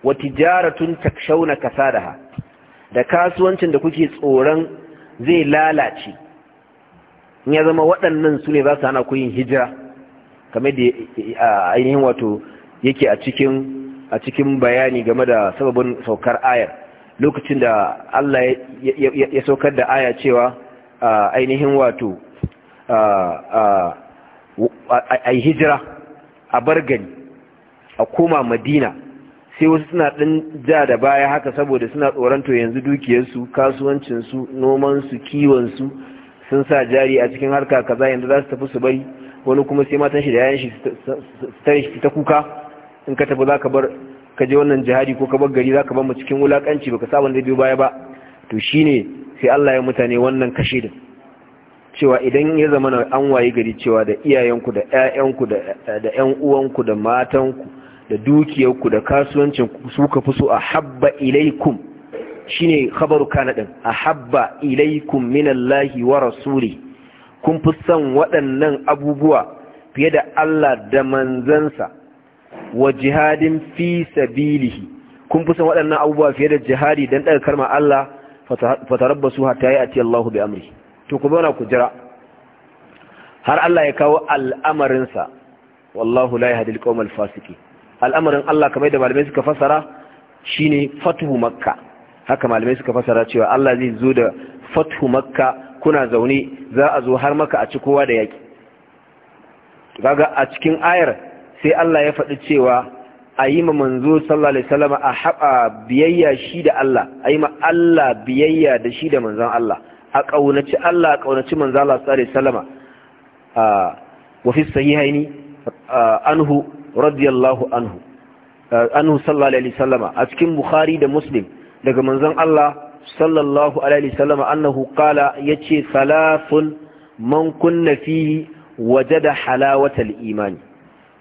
wa tijaratun takshawna kasadaha da kasuwancin da kuke tsoron zai lalace in ya zama waɗannan su ne za su hana ku yin hijira kamar da ainihin wato yake a cikin a cikin bayani game da sababin saukar ayar lokacin da Allah ya saukar da aya cewa ainihin wato a hijira a bar gani a koma madina sai wasu suna ɗan ja da baya haka saboda suna tsoron to yanzu dukiyarsu kasuwancinsu nomansu kiwonsu sun sa jari a cikin harka kaza yanzu za su tafi su bari wani kuma sai matan shi da yayan shi su ta kuka in ka tafi za ka bar ka je wannan jihadi ko ka bar gari za ka bar mu cikin wulakanci baka saba da biyo baya ba to shine sai Allah ya mutane wannan kashe da cewa idan ya zama an waye gari cewa da iyayenku da ƴaƴanku da ƴan uwanku da matanku da dukiyarku da kasuwancin su ka fi so a habba ilaikum shine khabaru kana din a habba ilaikum minallahi wa rasuli kun fi son waɗannan abubuwa fiye da Allah da manzansa wa jihadin fi sabilihi kun fi son waɗannan abubuwa fiye da jihadi dan daga karma Allah fatarabbasu hatta ya'ti Allahu bi amri to ku zauna ku jira har Allah ya kawo al'amarinsa wallahu la yahdi al-qawma al-fasiqin al'amarin Allah kamar da malamai suka fasara shine fatuhu makka haka malamai suka fasara cewa Allah zai zo da fatuhu makka kuna zaune za a zo har maka a ci kowa da yaki kaga a cikin ayar sai Allah ya faɗi cewa a yi ma manzo sallallahu alaihi wasallam a haɓa biyayya shi da Allah a yi ma Allah biyayya da shi da manzon Allah a ƙaunaci Allah a ƙaunaci manzon Allah sallallahu alaihi wasallam ah, wa fi sahihaini ah, anhu radiyallahu anhu eh, anhu sallallahu alaihi wasallama a cikin bukhari da muslim daga manzon Allah sallallahu alaihi wasallama annahu qala yace salafun man kunna fihi wajada halawatal imani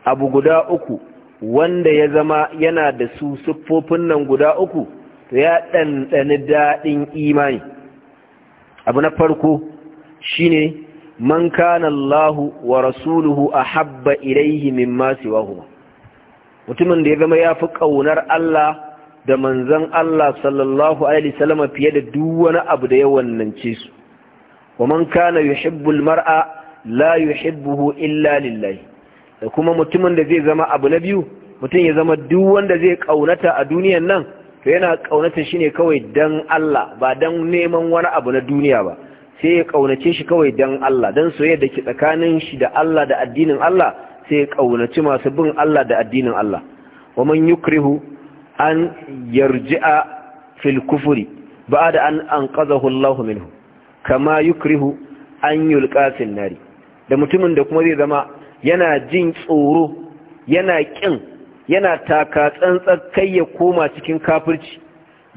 abu guda uku wanda ya zama yana da su siffofin nan guda uku ya ɗanɗani daɗin imani abu na farko shine man kana Allahu wa rasuluhu ahabba ilaihi mimma siwahuma mutumin da ya zama ya fi kaunar Allah da manzon Allah sallallahu alaihi wasallam fiye da duk wani abu da ya wannance su wa man kana yuhibbu almar'a la yuhibbuhu illa lillahi da kuma mutumin da zai zama abu na biyu mutum ya zama duk wanda zai kaunata a duniyan nan to yana kaunata shi ne kawai dan Allah ba dan neman wani abu na duniya ba sai ya kaunace shi kawai don Allah don soyayya da ke tsakanin shi da Allah da addinin Allah sai ya kaunaci masu bin Allah da addinin Allah wa man yukrihu an yarji'a fil ba da an anqadhahu Allah minhu kama yukrihu an yulqa fil nari da mutumin da kuma zai zama yana jin tsoro yana ƙin, yana taka tsantsar kai ya koma cikin kafirci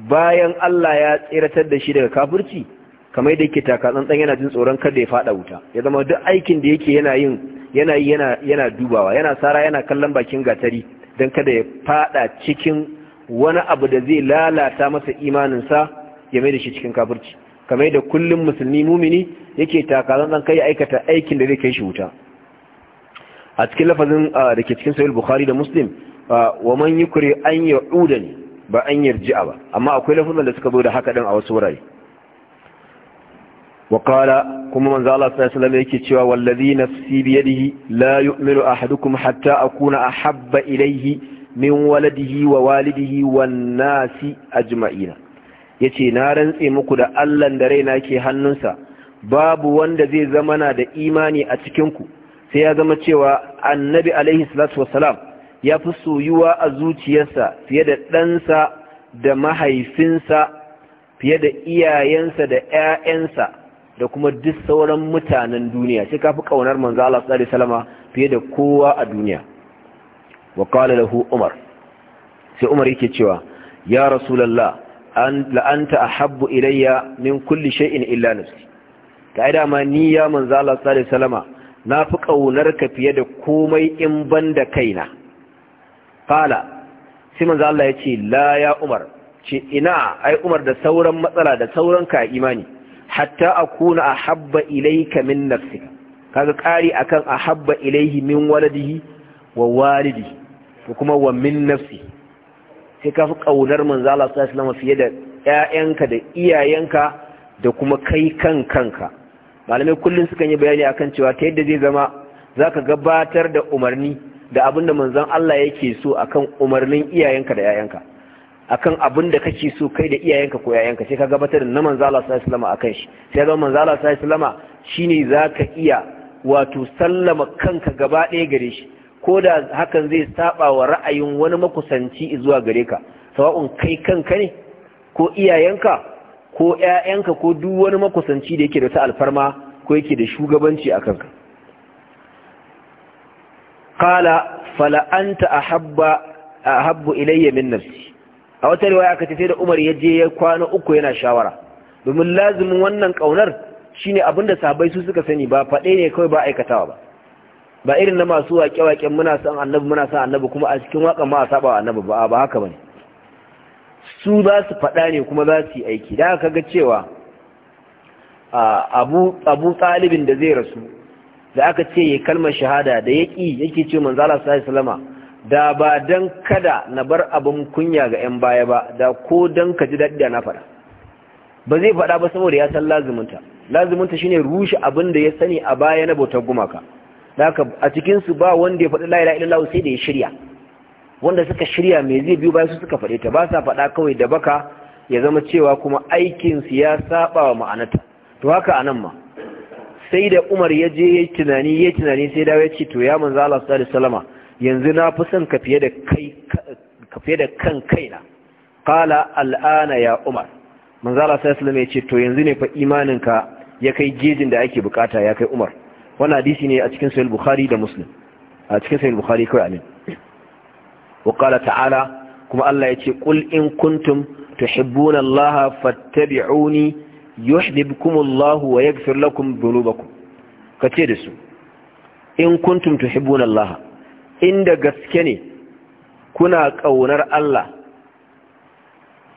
bayan Allah ya tsiratar da shi daga kafirci kamar da yake taka tsantsan yana jin tsoron kada ya fada wuta ya zama duk aikin da yake yana yin yana yana yana dubawa yana sara yana kallon bakin gatari dan kada ya fada cikin wani abu da zai lalata masa imanin sa ya mai da shi cikin kafirci kamar da kullum musulmi mumini yake taka tsantsan kai aikata aikin da zai kai shi wuta a cikin lafazin da ke cikin sahih bukhari da muslim wa man yukri an ya'udani ba an yarji'a ba amma akwai lafazan da suka zo da haka din a wasu wurare وقال كما من ذا الله صلى الله عليه وسلم يكتوى والذي نفسي بيده لا يؤمن أحدكم حتى أكون أحب إليه من ولده ووالده والناس أجمعين yace na rantse muku da allah da raina ke hannunsa babu wanda zai na da imani a cikinku sai ya zama cewa annabi alaihi ya fi soyuwa a zuciyarsa fiye da ɗansa da mahaifinsa fiye da iyayensa da ‘ya'yansa da kuma duk sauran mutanen duniya sai kafi kaunar manzo Allah sallallahu alaihi wasallam fiye da kowa a duniya wa qala lahu umar sai umar yake cewa ya rasulullah an la anta ahabbu ilayya min kulli shay'in illa nafsi kai da ma ni ya manzo Allah sallallahu alaihi na nafi kaunar ka fiye da komai in banda kaina qala sai manzo Allah yace ce la ya umar ce ina ai umar da sauran matsala da sauran ka imani hatta akuna ahabba ilayka min nafsika kaga kari akan ahabba ilaihi min waladihi wa walidi ko kuma wa min nafsi sai ka fi kaunar manzo Allah sallallahu alaihi wasallam fiye da ƴaƴanka da iyayenka da kuma kai kan kanka malamai kullun suka yi bayani akan cewa ta yadda zai zama zaka gabatar da umarni da abinda manzon Allah yake so akan umarnin iyayenka da ƴaƴanka akan abin da kake so kai da iyayenka ko yayanka sai ka gabatar na manzo Allah sallallahu alaihi wasallam akan shi sai ga manzo Allah sallallahu alaihi wasallam shine zaka iya wato sallama kanka gaba ɗaya gare shi ko da hakan zai saba wa ra'ayin wani makusanci zuwa gare ka sawa'un kai kanka ne ko iyayenka ko ƴaƴanka ko duk wani makusanci da yake da ta alfarma ko yake da shugabanci a kanka qala fala anta ahabba ahabbu ilayya min nafsi a wata riwaya aka ce sai da Umar ya je ya kwana uku yana shawara domin lazimin wannan kaunar shine abinda sahabbai su suka sani ba faɗe ne kawai ba aikatawa ba ba irin na masu waƙe waƙe muna son annabi muna son annabi kuma a cikin waƙan ma a saba annabi ba ba haka bane su za su faɗa ne kuma za su yi aiki da aka ga cewa abu abu talibin da zai rasu da aka ce ya kalmar shahada da ya yake ce manzo Allah sallallahu alaihi wasallama da ba don kada na bar abin kunya ga 'yan baya ba da ko don ka ji daɗi da na faɗa ba zai faɗa ba saboda ya san lazuminta lazuminta shine rushe abin da ya sani a baya na bautar gumaka haka a cikinsu ba wanda ya faɗi la'ila ilallahu sai da ya shirya wanda suka shirya mai zai biyu bayan su suka faɗe ta ba sa faɗa kawai da baka ya zama cewa kuma aikinsu ya saba wa ma'anata to haka anan ma sai da umar ya je ya tunani ya tunani sai dawo ya ce to ya manzo Allah sallallahu alaihi wasallama yanzu na fi son ka fiye da kai kan kaina qala al'ana ya umar manzo Allah sallallahu alaihi ya ce to yanzu ne fa imaninka ya kai gejin da ake bukata ya kai umar Wani hadisi ne a cikin sayil bukhari da muslim a cikin sayil bukhari kawai amin wa qala ta'ala kuma Allah ya ce ƙul in kuntum tuhibbuna Allah fattabi'uni yuhibbukumullahu wa yaghfir lakum dhunubakum ce da su in kuntum tuhibbuna Allah inda gaske ne kuna ƙaunar Allah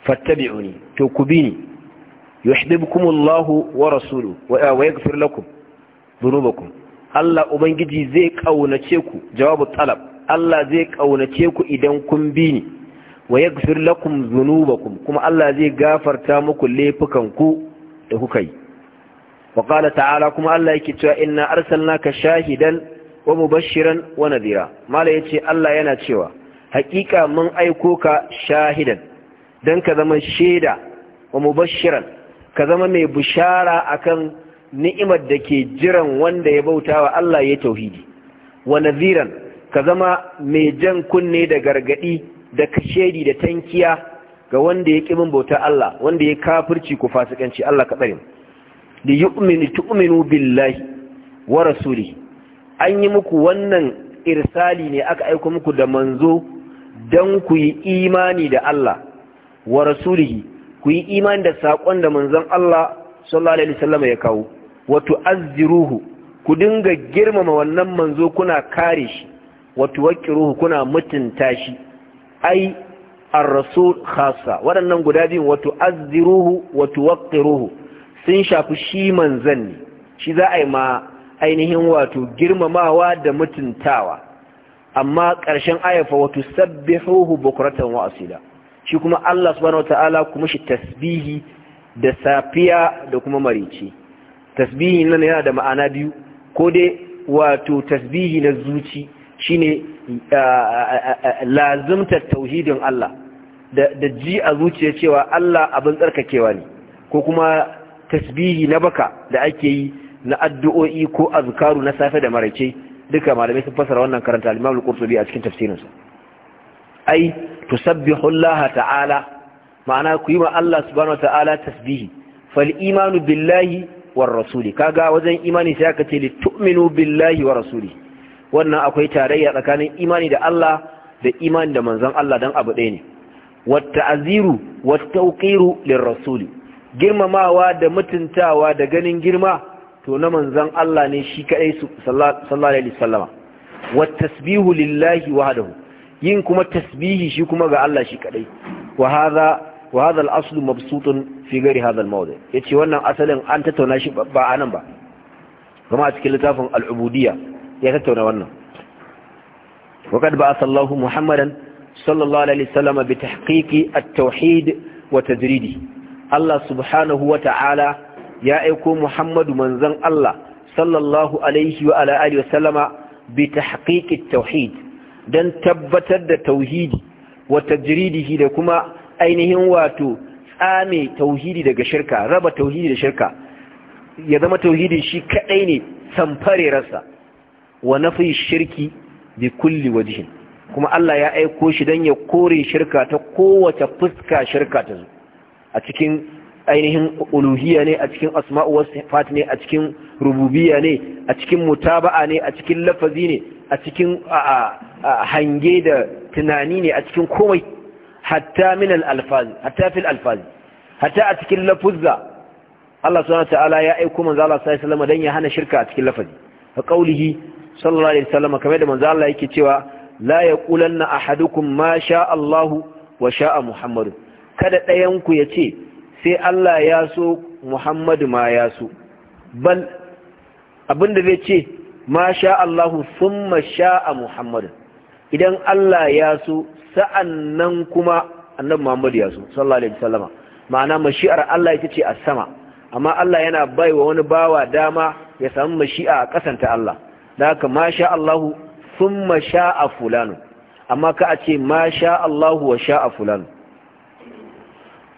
fattabi'uni to ku bi ni yuhibbukumullahu wa rasuluhu eh, wa yaghfir lakum dhunubakum Allah ubangiji zai kaunace ku jawabu talab Allah zai kaunace ku idan kun bi ni wa yaghfir lakum dhunubakum kuma Allah zai gafarta muku laifukan ku da kuka yi wa qala ta'ala kuma Allah yake cewa inna arsalnaka shahidan wa mubashiran wa nadira mala yace Allah yana cewa hakika mun aiko ka shahidan dan ka zama shaida wa mubashiran ka zama mai bushara akan ni'imar da ke jiran wanda ya bautawa Allah ya tauhidi wa nadiran ka zama mai jan kunne da gargadi da kashedi da tankiya ga wanda ya ƙi bauta Allah wanda ya kafirci ku fasikanci Allah ka tsare da yu'minu tu'minu billahi wa rasulihi an yi muku wannan irsali ne aka aiko muku da manzo don ku yi imani da Allah wa rasulihi ku yi imani da saƙon da manzon Allah sallallahu alaihi wasallam ya kawo wa tu'azziruhu ku dinga girmama wannan manzo kuna kare shi wa tuwaqqiruhu kuna mutunta shi ai ar-rasul khassa waɗannan guda biyu wa tu'azziruhu wa tuwaqqiruhu sun shafi shi manzon ne shi za a yi ma ainihin wato girmamawa da mutuntawa amma ƙarshen ayyafa wato sabbihuhu bukratan wa asila shi kuma Allah subhanahu wataala kuma shi tasbihi da safiya da kuma marici tasbihi nan yana da ma'ana biyu ko dai wato tasbihi na zuci shine lazimtar tauhidin Allah da ji a zuciya cewa Allah abin tsarkakewa ne ko kuma tasbihi na baka da ake yi na addu'o'i ko azkaru na safe da maraice duka malamai sun fasara wannan karanta al-Imam al-Qurtubi a cikin tafsirinsa ai tusabbihu Allah ta'ala ma'ana ku yi ma Allah subhanahu ta'ala tasbihi fal imanu billahi war rasuli kaga wajen imani sai aka ce litu'minu billahi war rasuli wannan akwai tarayya tsakanin imani da Allah da imani da manzon Allah dan abu ɗaya ne wat ta'ziru wat tawqiru lir rasuli girmamawa da mutuntawa da ganin girma to na manzon Allah ne shi kadai sallallahu alaihi wasallama wa tasbihu lillahi wahdahu yin kuma tasbihi shi kuma ga Allah shi kadai wa hadha wa hadha al-aslu mabsutun fi ghairi hadha al-mawdi yace wannan asalin an tattauna shi ba anan ba kuma a cikin littafin al-ubudiyya ya tattauna wannan wa qad ba'atha Allah Muhammadan sallallahu alaihi wasallama bi tahqiqi at-tauhid wa tadridi Allah subhanahu wa ta'ala ya aiko Muhammadu manzon Allah sallallahu alaihi wa ala alihi wasallama bi tahqiqi tauhid dan tabbatar da tauhidi wa tajridihi da kuma ainihin wato tsame tauhidi daga shirka raba tauhidi da shirka ya zama tauhidi shi kadai ne samfare rasa wa nafi shirki bi kulli wajhin kuma Allah ya aiko shi dan ya kore shirka ta kowace fuska shirka ta a cikin ainihin uluhiyya ne a cikin asma'u was sifat ne a cikin rububiyya ne a cikin mutaba'a ne a cikin lafazi ne a cikin hange da tunani ne a cikin komai hatta min al-alfaz hatta fil alfaz hatta a cikin lafuzza Allah subhanahu ta'ala ya aiko manzo Allah sallallahu alaihi wasallam dan ya hana shirka a cikin lafazi fa qawlihi sallallahu alaihi wasallam kamar da manzo Allah yake cewa la yaqulanna ahadukum ma sha Allah wa sha'a Muhammad kada dayan ku yace sai Allah ya so Muhammadu ma ya so bal abinda zai ce ma sha Allahu summa sha'a Muhammadu idan Allah ya so nan kuma annabi Muhammadu ya so sallallahu alaihi wasallama ma'ana mashi'ar Allah ita ce a sama amma Allah yana bai wa wani bawa dama ya samu mashi'a a kasanta Allah da haka ma sha Allahu sha'a fulanu amma ka a ce ma sha Allahu wa a fulanu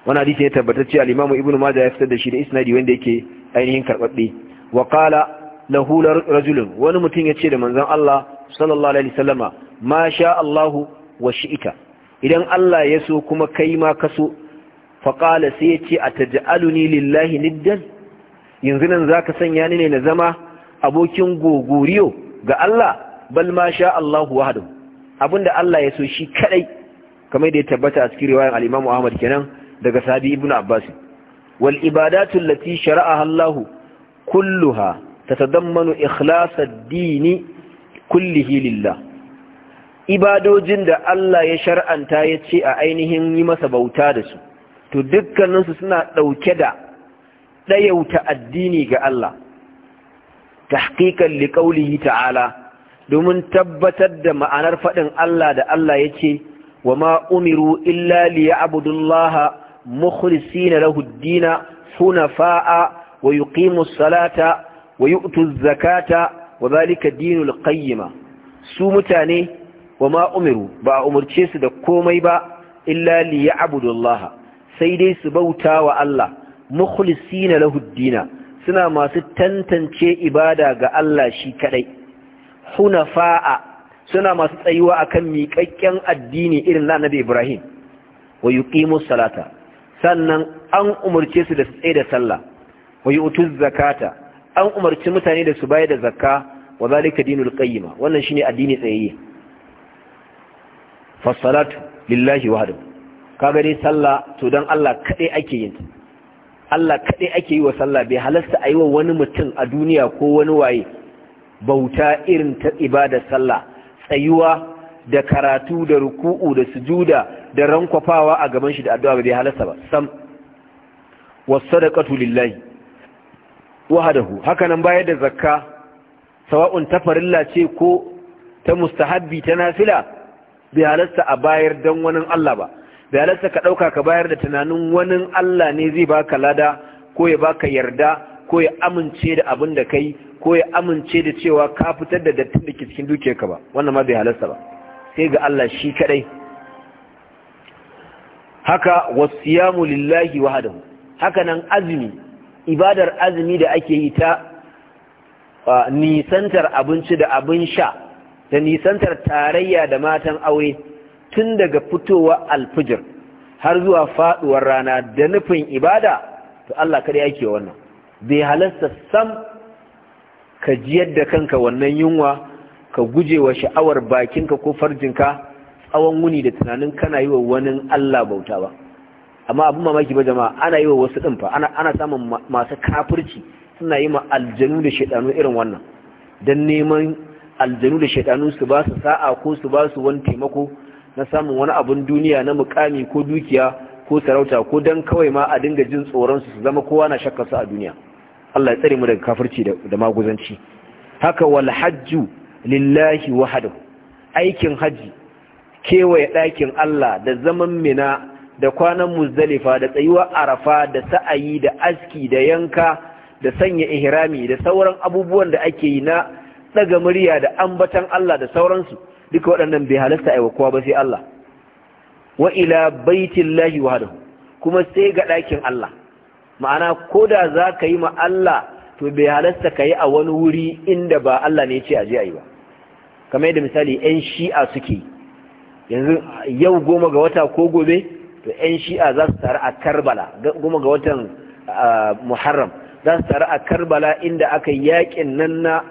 wani hadisi ne tabbatacce al-Imam Ibn Majah ya fitar da shi da isnadi wanda yake ainihin karbabbe wa qala lahu rajulun wani mutum ya ce da manzon Allah sallallahu alaihi wasallama ma sha Allahu wa shi'ita idan Allah ya so kuma kai ma ka so fa qala sai yace ataj'aluni lillahi niddan yanzu nan zaka sanya ni ne na zama abokin goguriyo ga Allah bal ma sha Allahu wahdahu abinda Allah ya so shi kadai kamar da ya tabbata a cikin riwayar al-Imam Ahmad kenan daga sahabi ibn abbas wal ibadatu allati shara'aha Allah kulluha tatadammanu ikhlas ad-din kullihi lillah ibadojin da Allah ya shar'anta ya ce a ainihin yi masa bauta da su to dukkaninsu suna ɗauke da ɗayauta addini ga Allah tahqiqan liqaulihi ta'ala domin tabbatar da ma'anar faɗin Allah da Allah ya ce wa ma umiru illa liya'budullaha mukhlisina lahu ad-dina hunafa'a wa yuqimu as-salata wa yu'tu az-zakata wa dhalika dinul qayyima su mutane wa ma umiru ba umurce su da komai ba illa li ya'budu sai dai su bauta wa Allah mukhlisina lahu ad-dina suna masu tantance ibada ga Allah shi kadai hunafa'a suna masu tsayuwa akan miƙaƙƙen addini irin na Annabi Ibrahim wa yuqimu salata sannan an umarce su da su tsaye da sallah wa yu'tu zakata an umarci mutane da su bayar da zakka wa zalika dinul qayyima wannan shine addini tsayayye fa salatu lillahi wahdu kaga dai sallah to dan Allah kadai ake yin Allah kadai ake yi wa sallah bai halasta a yi wa wani mutum a duniya ko wani waye bauta irin ta ibada sallah tsayuwa da karatu da ruku'u da sujuda da rankwafawa a gaban shi da addu'a bai halasta ba sam wasadaqatu lillahi haka hakanan bayar da zakka sawa'un ta ce ko ta mustahabbi ta nafila bai halasta a bayar dan wani Allah ba bai halasta ka dauka ka bayar da tunanin wani Allah ne zai baka lada ko ya baka yarda ko ya amince da abin da kai ko ya amince da cewa ka fitar da dattin da ke cikin dukiyarka ba wannan ma bai halasta ba sai ga Allah shi kaɗai. haka wasiyamu lillahi wahdahu haka nan azumi ibadar azumi da ake yi ta nisantar abinci da abin sha da nisantar tarayya da matan aure tun daga fitowa alfijir har zuwa faduwar rana da nufin ibada to Allah kada yake wannan bai halasta sam ka jiyar da kanka wannan yunwa ka guje wa sha'awar bakinka ko farjinka tsawon wuni da tunanin kana yi wa wani Allah bauta ba amma abin mamaki ba jama'a ana yi wa wasu ɗin ana samun masu kafirci suna yi ma aljanu da shaɗanu irin wannan don neman aljanu da shaɗanu su ba su sa'a ko su ba su wani taimako na samun wani abin duniya na mukami ko dukiya ko sarauta ko don kawai ma a dinga jin tsoron su zama kowa na shakka su a duniya Allah ya tsare mu daga kafirci da maguzanci haka wal hajju lillahi wahdahu aikin hajji. kewaye ɗakin Allah da zaman mina da kwanan muzdalifa da tsayuwa arafa da sa'ayi da aski da yanka da sanya ihrami da sauran abubuwan da ake yi na ɗaga murya da ambatan Allah da sauransu duka waɗannan bai halasta a kowa ba sai Allah wa ila lahi wahdahu kuma sai ga ɗakin Allah ma'ana ko da za ka yi ma Allah to bai halasta ka yi a wani wuri inda ba Allah ne ce a je a yi ba kamar yadda misali 'yan shi'a suke yi yanzu yau goma ga wata ko gobe to 'yan shi'a za su taru a karbala goma ga watan muharram za su taru a karbala inda aka yaƙin nan na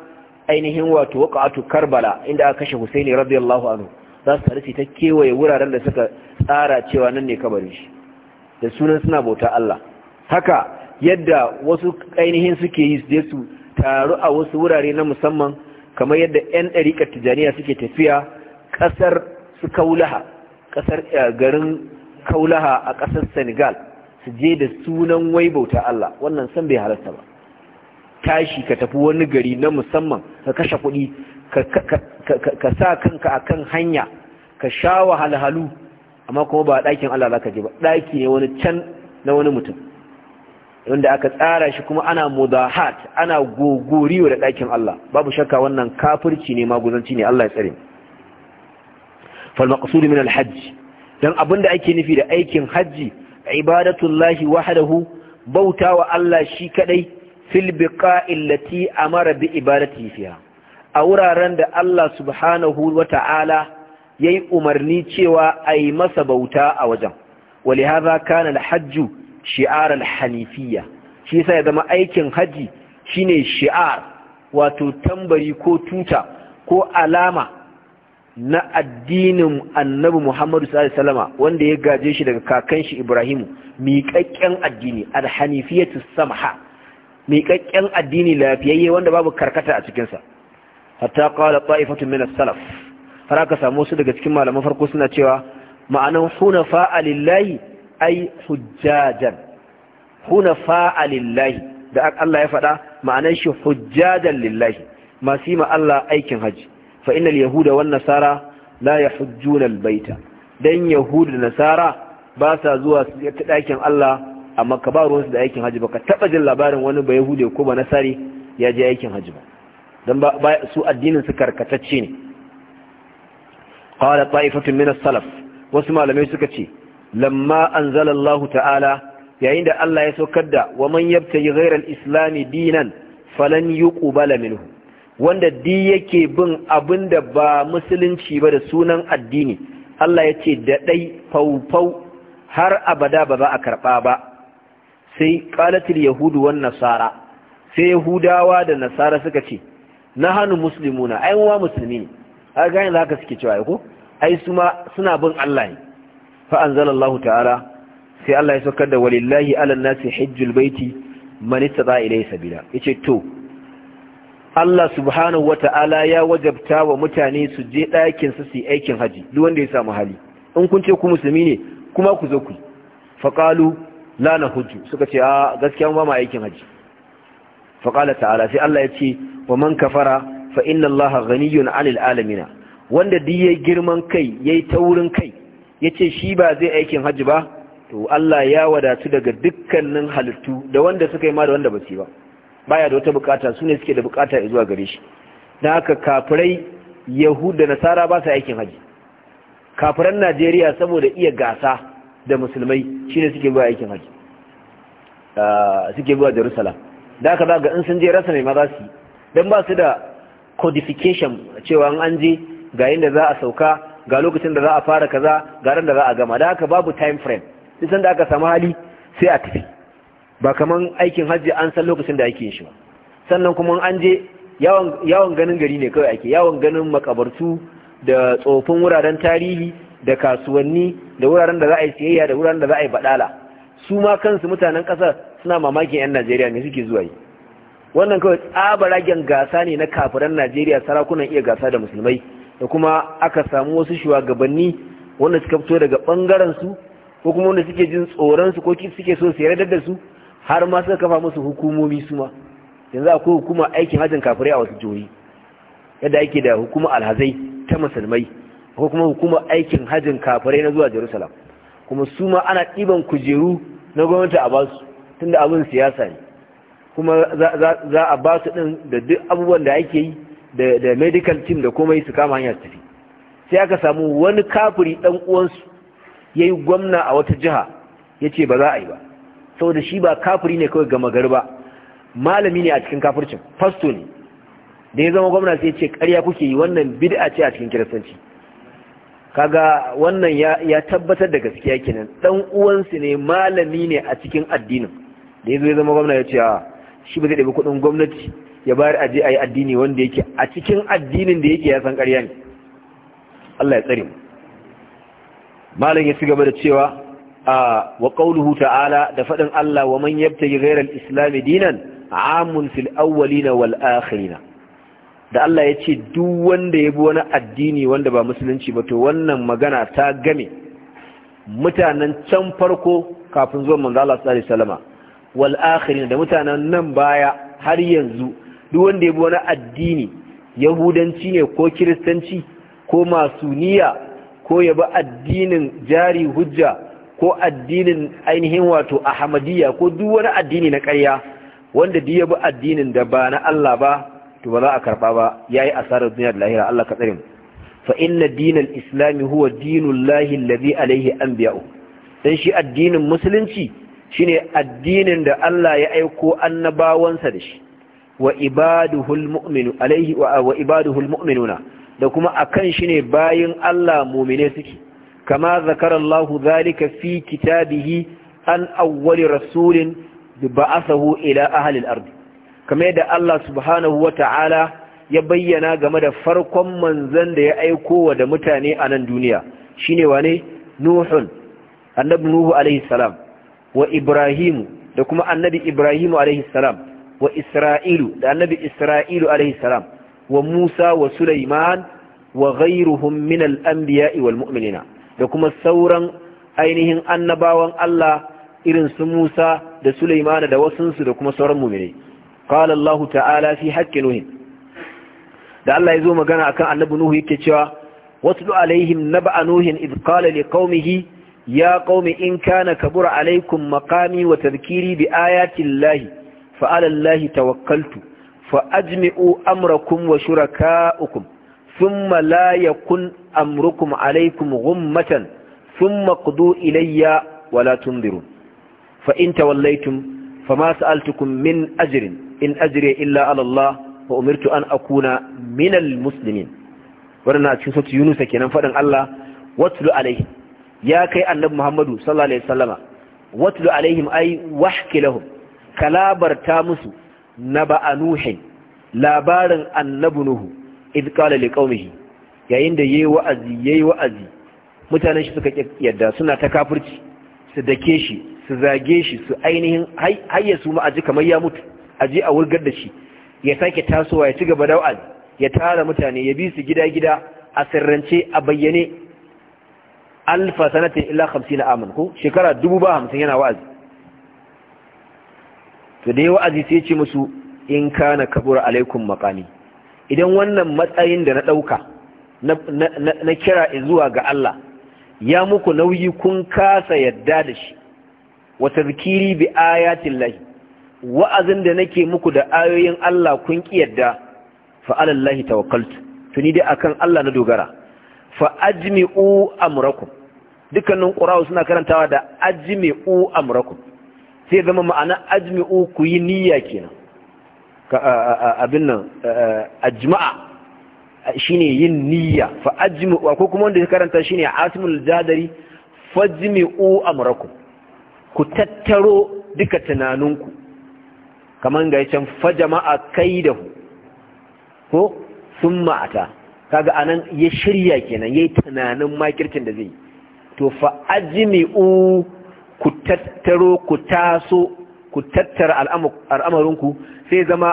ainihin wato waka'atu karbala inda aka kashe husaini radiyallahu anhu za su taru ta kewaye wuraren da suka tsara cewa nan ne kabarin shi da sunan suna bauta Allah haka yadda wasu ainihin suke yi su taru a wasu wurare na musamman kamar yadda 'yan ɗariƙar tijaniya suke tafiya ƙasar su kaulaha kasar eh, garin kaulaha a kasar senegal su je da sunan wai bauta Allah wannan san bai halarta ba tashi ka tafi wani gari na musamman ka kashe kuɗi ka sa kanka a kan hanya ka sha wahalhalu amma kuma ba ɗakin Allah za ka je ba ɗaki ne wani can na wani mutum wanda aka tsara shi kuma ana mudahat ana gogoriwa da ɗakin Allah babu shakka wannan kafirci ne maguzanci ne Allah ya tsare mu fal maqsud min al dan abinda ake nufi da aikin hajji ibadatullahi wahdahu bautawa Allah shi kadai fil biqa'il a amara bi ibadati fiha a wuraren da Allah subhanahu wa ta'ala yayi umarni cewa ai masa bauta a wajen ولهذا كان الحج شعار الحنيفية shi yasa ya zama aikin haji shine shi'ar wato tambari ko tuta ko alama na addinin annabi Muhammadu sallallahu wanda ya gaje shi daga kakan shi Ibrahimu miƙaƙƙen addini alhanifiyatu samha miƙaƙƙen addini lafiyayye wanda babu karkata a cikin sa hatta qala ta'ifatu min as-salaf har ka samu su daga cikin malaman farko suna cewa ma'anan hunafa lillahi ay hujjajan hunafa lillahi da Allah ya faɗa ma'anan shi hujjajan lillahi masu yi ma Allah aikin haji Fa'inal yahuda wan nasara la yahujjuna baita. dan yahuda da nasara ba sa zuwa ta dakin Allah amma ka ba ruwansu da aikin haji ka taba jin labarin wani ba yahude ko ba nasari ya je aikin haji dan ba addinin su karkatacce ne qala ta'ifatun min as-salaf wasu malamai suka ce lamma anzala ta'ala yayin da Allah ya saukar da wa man yabtaji ghayra al-islam dinan falan yuqbala minhu wanda di yake bin abin da ba musulunci ba da sunan addini Allah ya ce da ɗai faufau har abada ba za a karɓa ba sai ƙalatul yahudu wan nasara sai yahudawa da nasara suka ce na hannu musulmuna ai wa musulmi ne a gani za ka suke cewa ko ai su ma suna bin Allah ne fa anzalallahu ta'ala sai Allah ya saukar da walillahi ala nasi hajjul baiti man istata ilayhi sabila yace to Allah subhanahu wa ta'ala ya wajabta wa mutane su je ɗakinsa su yi aikin haji duk wanda ya samu hali in kun ce ku musulmi ne kuma ku zo ku faƙalu la na suka ce a gaskiya ba mu aikin haji faƙala ta'ala sai Allah ya ce wa man kafara fa inna Allah ghaniyyun 'anil alamin wanda duk yayi girman kai yayi taurin kai yace shi ba zai aikin haji ba to Allah ya wadatu daga dukkanin halittu da wanda suka yi ma da wanda ba su yi ba baya da wata bukata su ne suke da bukata zuwa gare shi don haka kafirai yahud da nasara ba sa aikin haji kafiran najeriya saboda iya gasa da musulmai shi ne suke zuwa aikin haji ah, suke zuwa jerusalem da haka za ga in sun je rasa mai maza su don ba su da codification cewa an je ga da za a sauka ga lokacin da za a fara kaza ga ran da za a gama da haka babu time frame duk da aka samu hali sai a tafi ba kaman aikin hajji an san lokacin da ake shi ba sannan kuma an je yawan ganin gari ne kawai ake yawan ganin makabartu da tsofin wuraren tarihi da kasuwanni da wuraren da za a yi siyayya da wuraren da za a yi badala su ma kansu mutanen kasar suna mamakin 'yan najeriya ne suke zuwa yi wannan kawai tsabaragen gasa ne na kafiran najeriya sarakunan iya gasa da musulmai da kuma aka samu wasu shugabanni wanda suka fito daga bangaren su ko kuma wanda suke jin tsoron su ko suke so su yarda da su har ma suka kafa musu hukumomi su ma yanzu akwai hukuma aikin hajjin kafirai a wasu jihohi yadda ake da hukuma alhazai ta musulmai ko kuma hukuma aikin hajjin kafirai na zuwa jerusalem kuma su ma ana ɗiban kujeru na gwamnati a basu tunda abin siyasa ne kuma za a basu ɗin da duk abubuwan da ake yi da medical team da komai su kama hanyar tafi sai aka samu wani kafiri ɗan uwansu ya yi gwamna a wata jiha ya ce ba za a yi ba saboda shi ba kafiri ne kawai gama gari ba malami ne a cikin kafircin fasto ne da ya zama gwamna sai ce karya kuke yi wannan bid'a ce a cikin kiristanci kaga wannan ya tabbatar da gaskiya kenan dan uwansu ne malami ne a cikin addinin da ya zama gwamna ya ce a shi ba zai ɗabi kuɗin gwamnati ya bayar aje yi addini wanda yake a cikin addinin da yake ya san ƙarya ne Allah ya tsare mu malam ya ci gaba da cewa wa qawluhu ta'ala da faɗin Allah wa man yabtaji ghayra al-islam dinan amun fil awwalin wal akhirin da Allah ya ce duk wanda yabi wani addini wanda ba musulunci ba to wannan magana ta game mutanen can farko kafin zuwan manzo Allah sallallahu alaihi wasallama wal akhirin da mutanen nan baya har yanzu duk wanda bi wani addini yahudanci ne ko kiristanci ko masuniya ko ya bi addinin jari hujja ko addinin ainihin wato ahmadiyya ko duk wani addini na ƙarya wanda duk ya bi addinin da ba na Allah ba to ba za a karɓa ba yayi asarar duniya da lahira Allah ka tsare mu fa inna dinal islam huwa dinullahi alladhi alayhi anbiya'u dan shi addinin musulunci shine addinin da Allah ya aiko annabawansa da shi wa ibaduhul mu'minu alayhi wa ibaduhul mu'minuna da kuma akan shine ne bayin Allah mu'mine suke kama zakarallahu zalika fi kitabihi an awwali rasulin ba'athahu ila ahli al-ard kamar yadda Allah subhanahu wata'ala ya bayyana game da farkon manzan da ya aiko wa da mutane a nan duniya shine wane nuhun annabi nuhu alaihi wa ibrahimu da kuma annabi ibrahimu alaihi wa isra'ilu da annabi isra'ilu alaihi wa musa wa sulaiman wa ghayruhum min al-anbiya'i wal da kuma sauran ainihin annabawan Allah irin su Musa da Sulaimana da wasansu da kuma sauran mu'mini qala Allah ta'ala fi haqqi nuh da Allah ya zo magana akan annabi nuh yake cewa wasu alaihim naba nuh id qala liqaumihi ya qaumi in kana kabura alaikum maqami wa tadhkiri bi ayati Allah fa ala Allah tawakkaltu fa ajmi'u amrakum wa shuraka'ukum thumma la yakun amrukum alaikum ghummatan thumma qudu ilayya wala tunzirun fa in tawallaytum fama sa'altukum min ajrin in ajri illa a Allah wa umirtu an akuna min almuslimin wannan cikin sautu Yunus kenan fadin Allah watlu alaihi ya kai annabi Muhammadu sallallahu alaihi wasallama watlu alaihim ay wahki lahum kalabarta musu naba anuhin labarin annabi Nuhu idh qala liqaumihi yayin da yayi wa'azi yayi wa'azi mutanen shi suka yadda suna ta kafirci su dake shi su zage shi su ainihin hayya su ma'aji kamar ya mutu aji a wurgar da shi ya sake tasowa ya ci gaba da wa'azi ya tara mutane ya bi su gida-gida a sirrance a bayyane alfa sanata illa 50 amin ko shekara dubu ba yana wa'azi to dai wa'azi sai ce musu in kana kabura alaikum maqami idan wannan matsayin da na dauka na kira zuwa ga Allah ya muku nauyi kun kasa yadda da shi wa tazkiri bi ayatin lahi wa'azin da nake muku da ayoyin Allah kun ki yadda fa alallahi tawakkaltu tuni dai akan Allah na dogara fa ajmi'u amrakum dukkanin qura'u suna karantawa da ajmi'u amrakum sai zama ma'ana ajmi'u ku yi niyya kenan abin nan ajma'a shine yin niyya fa ajmi'u ko kuma wanda ya karanta shine asmul jadari u amrakum ku tattaro duka tunaninku kaman ga yacan fajama'a kaidahu ko summa ata kaga anan ya shirya kenan yayi tunanin makircin da zai to fa u ku tattaro ku taso ku tattara al'amarinku sai zama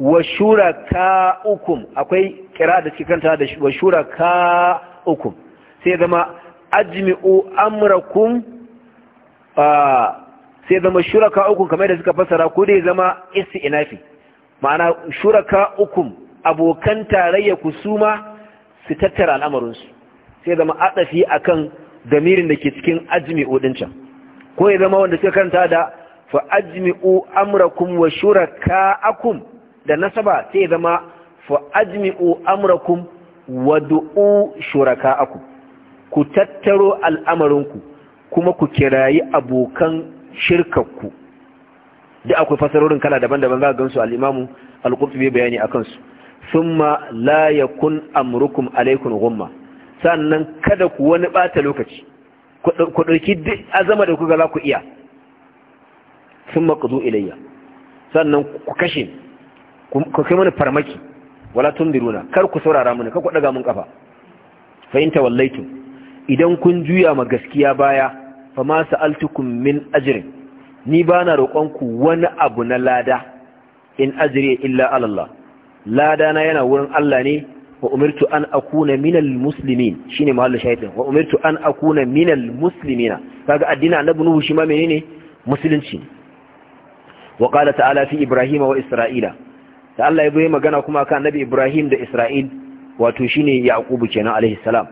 wa shuraka ukum akwai kira da cikanta da wa shuraka uku sai zama ajmi'u amrakum sai zama ka uku kamar da suka fasara ko dai zama isti'nafi ma'ana shuraka uku abokan tarayya kusuma su tattara al'amarinsu sai zama adafi akan damirin da ke cikin ajmi'u din ko ya zama wanda suka karanta da fa ajmi'u amrakum wa akum da nasaba sai zama fa ajmi'u amrakum shuraka aku, ku tattaro al'amarinku kuma ku kirayi abokan shirkakku da akwai fasarorin kala daban-daban za a gansu al'imamu bai bayani a kansu sun ma la ya kun amurkum alaikun gumma sannan kada ku wani ɓata lokaci ku ɗauki azama da kuka za ku iya sun ma ku zo ilayya sannan ku kashe ku kai mana farmaki wala tumbiruna kar ku saurara mini kar ku daga mun kafa fa in idan kun juya ma gaskiya baya fa ma sa'altukum min ajrin ni bana roƙon ku wani abu na lada in ajri illa ala Allah lada na yana wurin Allah ne wa umirtu an akuna minal muslimin shine mahallu shahidin wa umirtu an akuna minal muslimina kaga addini annabi nuhu shi ma menene musulunci wa qala ta'ala fi ibrahima wa isra'ila da Allah ya bai magana kuma kan Annabi Ibrahim da Isra'il wato shine yaqub kenan alaihi salam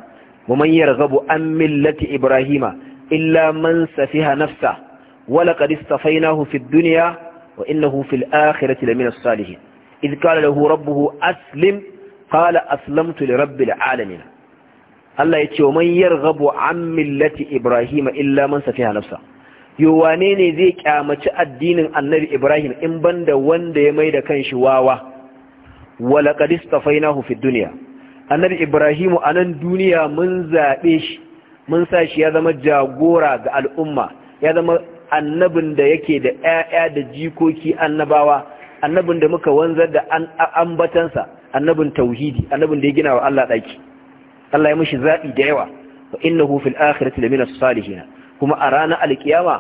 wa man yarghabu an millati Ibrahima illa man safiha nafsa wa laqad istafainahu fid dunya wa innahu fil akhirati lamina salihin idh qala lahu rabbuhu aslim qala aslamtu li rabbil alamin Allah ya ce wa man yarghabu an millati Ibrahima illa man safiha nafsa yo wane ne zai kyamaci addinin annabi ibrahim in banda wanda ya mai da shi wawa wala tafainahu fi dunya annabi ibrahim a nan duniya mun zabe shi mun sa shi ya zama jagora ga al'umma ya zama annabin da yake da ƴaƴa da jikoki annabawa annabin da muka wanzar da ambatansa annabin tauhidi annabin da ya gina wa Allah daki Allah ya mishi zabi da yawa wa innahu fil akhirati lamina salihin kuma a ranar alkiyama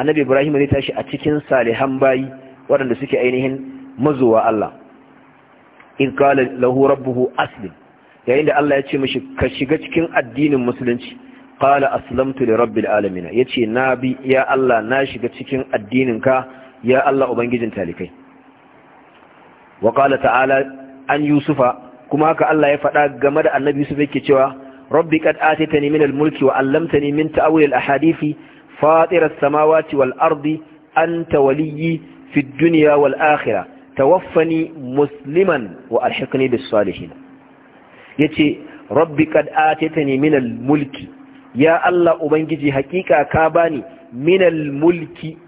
annabi ibrahim ne tashi a cikin salihan bayi waɗanda suke ainihin mazuwa Allah in kala lahu rabbuhu aslim yayin da Allah ya ce mishi ka shiga cikin addinin musulunci qala aslamtu li rabbil alamin yace na bi ya Allah na shiga cikin addinin ka ya Allah ubangijin talikai wa qala ta'ala an yusufa kuma haka Allah ya faɗa game da annabi Yusuf yake cewa rabbi qad atitani min al-mulki wa 'allamtani min ta'wil al-ahadithi fatir as-samawati wal-ardi anta waliyyi fi duniya dunya wal-akhirah tawaffani musliman wa alhiqni bis-salihin yace rabbi qad atitani min al-mulki ya Allah ubangiji hakika ka bani min al-mulki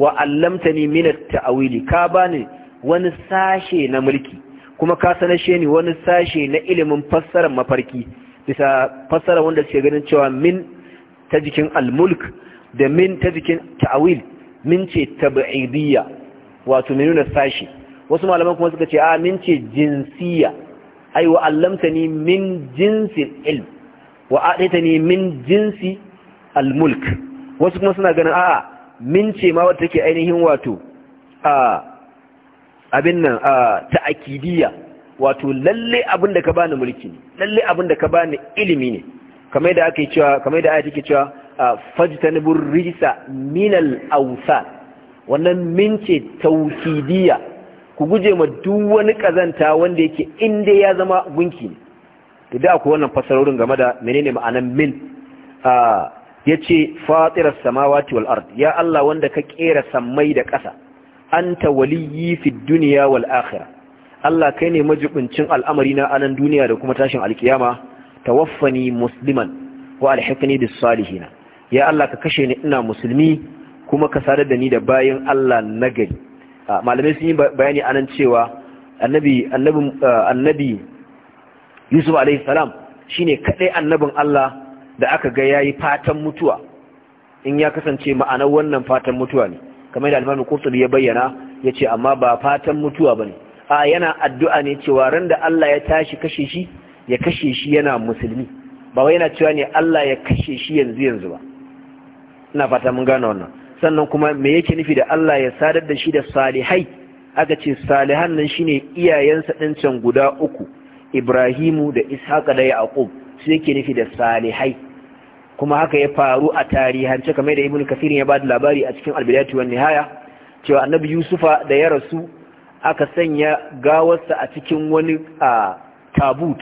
wa 'allamtani min at-ta'wili ka bani wani sashe na mulki kuma ka sanashe ni wani sashe na ilimin fassarar mafarki bisa fassara wanda suke ganin cewa min ta jikin al-mulk da min ta jikin ta'awil min ce tab'idiyya wato min nuna sashi wasu malaman kuma suka ce a ah, min ce jinsiya ai wa allamtani min jinsin ilm wa adaitani min jinsi al-mulk wasu kuma suna ganin a min ce ma wata take ainihin wato a ah, abin nan ah, ta'akidiyya wato lalle abin da ka bani mulki ne lalle abin da ka bani ilimi ne kamar da ake cewa kamar da ake cewa fajtanibur risa minal awsa wannan min ce ku guje ma duk wani kazanta wanda yake inda ya zama gunki ne to da akwai wannan fasarorin game da menene ma'anan min yace fatiras samawati wal ard ya Allah wanda ka kera sammai da ƙasa anta waliyyi fid dunya wal akhirah Allah kai ne majibincin al'amari na anan duniya da kuma tashin alkiyama ta waffani musliman wa da bis na ya Allah ka kashe ni ina musulmi kuma ka sadar da ni da bayan Allah nagari malamai sun yi bayani anan cewa annabi annabi annabi Yusuf alaihi salam ne kadai annabin Allah da aka ga ya yi fatan mutuwa in ya kasance ma'anar wannan fatan mutuwa ne kamar da al-Imam ya bayyana ya ce amma ba fatan mutuwa ba ne. a yana addu'a ne cewa ran da Allah ya tashi kashe shi ya kashe shi yana musulmi ba wai yana cewa ne Allah ya kashe shi yanzu yanzu ba ina fata mun gano wannan sannan kuma me yake nufi da Allah ya sadar da shi da salihai aka ce salihan nan shine iyayensa din can guda uku Ibrahimu da Ishaqa da Yaqub su yake nufi da salihai kuma haka ya faru a tarihance kamar da Ibn Kathir ya ba da labari a cikin Al-Bidayah wan Nihaya cewa Annabi Yusufa da ya rasu aka sanya gawarsa a cikin wani a tabut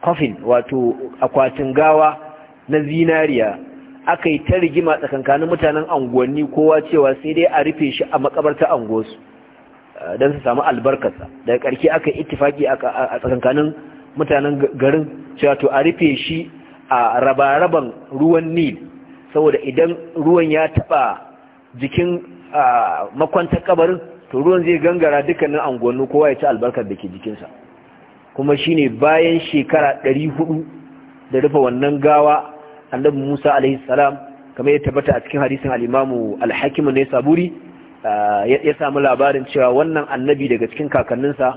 coffin wato akwatin gawa na zinariya aka yi ta rigima tsakankanin mutanen anguwanni kowa cewa sai dai a rufe shi a makabarta anguwarsu eh, don su samu albarkarsa daga karki aka ittifaki a tsakankanin mutanen garin cewa to a rufe shi a rabaraban ruwan nil saboda idan ruwan ya taba jikin ah, makwantar kabarin to ruwan zai gangara dukkanin angonu kowa ya ci albarkar da ke jikinsa kuma shi ne bayan shekara ɗari hudu da rufe wannan gawa annabi musa alaihissalam kamar ya tabbata a cikin hadisin al'imamu alhakimu ne saburi ya samu labarin cewa wannan annabi daga cikin kakanninsa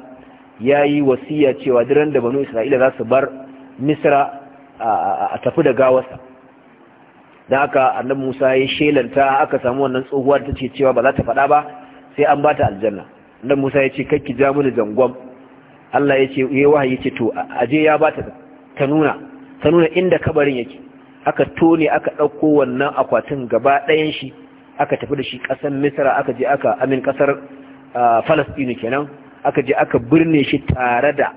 ya yi wasiya cewa diran da banu isra'ila za su bar misra a tafi da gawarsa da aka annabi musa ya shelanta aka samu wannan tsohuwa ta ce cewa ba za ta faɗa ba sai an bata aljanna dan Musa ya ce ki ja mini zangon Allah ya ce yayi wahayi ce to aje ya bata ta nuna ta nuna inda kabarin yake aka tone aka dauko wannan akwatin gaba ɗayan shi aka tafi da shi kasar Misra aka je aka amin ƙasar Palestine kenan aka je aka birne shi tare da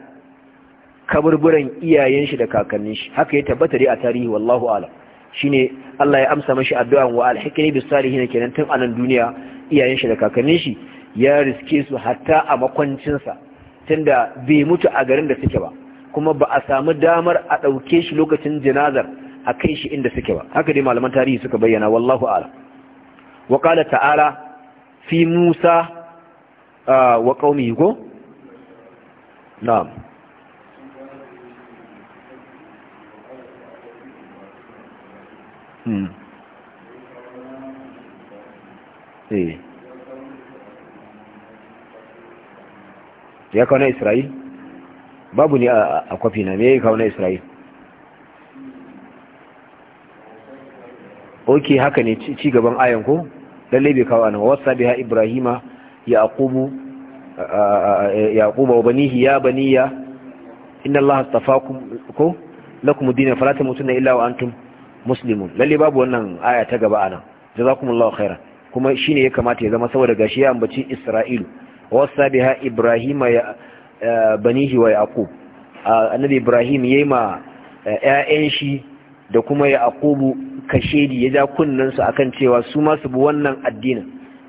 kaburburan iyayen shi da kakannin shi haka ya tabbata dai a tarihi wallahu a'lam shine Allah ya amsa mashi addu'an wa alhikni bis salihin kenan tun anan duniya iyayen shi da kakannin shi ya riske su hatta a makwancin sa tunda bai mutu a garin da suke ba kuma ba a samu damar a dauke shi lokacin janazar a kai shi inda suke ba haka dai malaman tarihi suka bayyana wallahu a'lam wa qala ta'ala fi Musa ah, wa qaumihi ko na'am Hmm. Eh. ya kawo na isra'il babu ne a kwafi na me ya kawo na isra'il Ok, haka ne ci gaban ayan ko lalle bai kawo ana wasa biha ibrahima ya aqubu ya aquba wa banihi ya baniya inna allaha astafakum ko lakum dinan fala tamutunna illa wa antum muslimun lalle babu wannan aya ta gaba anan jazakumullahu khairan kuma shine ya kamata ya zama saboda gashi ya ambaci isra'ilu wasa biha ibrahima ya eh, banihi wa yaqub annabi ibrahim yayi ma eh, ƴaƴan shi da kuma yaqubu kashedi ya ja kunnan su akan cewa su ma su bi wannan addinin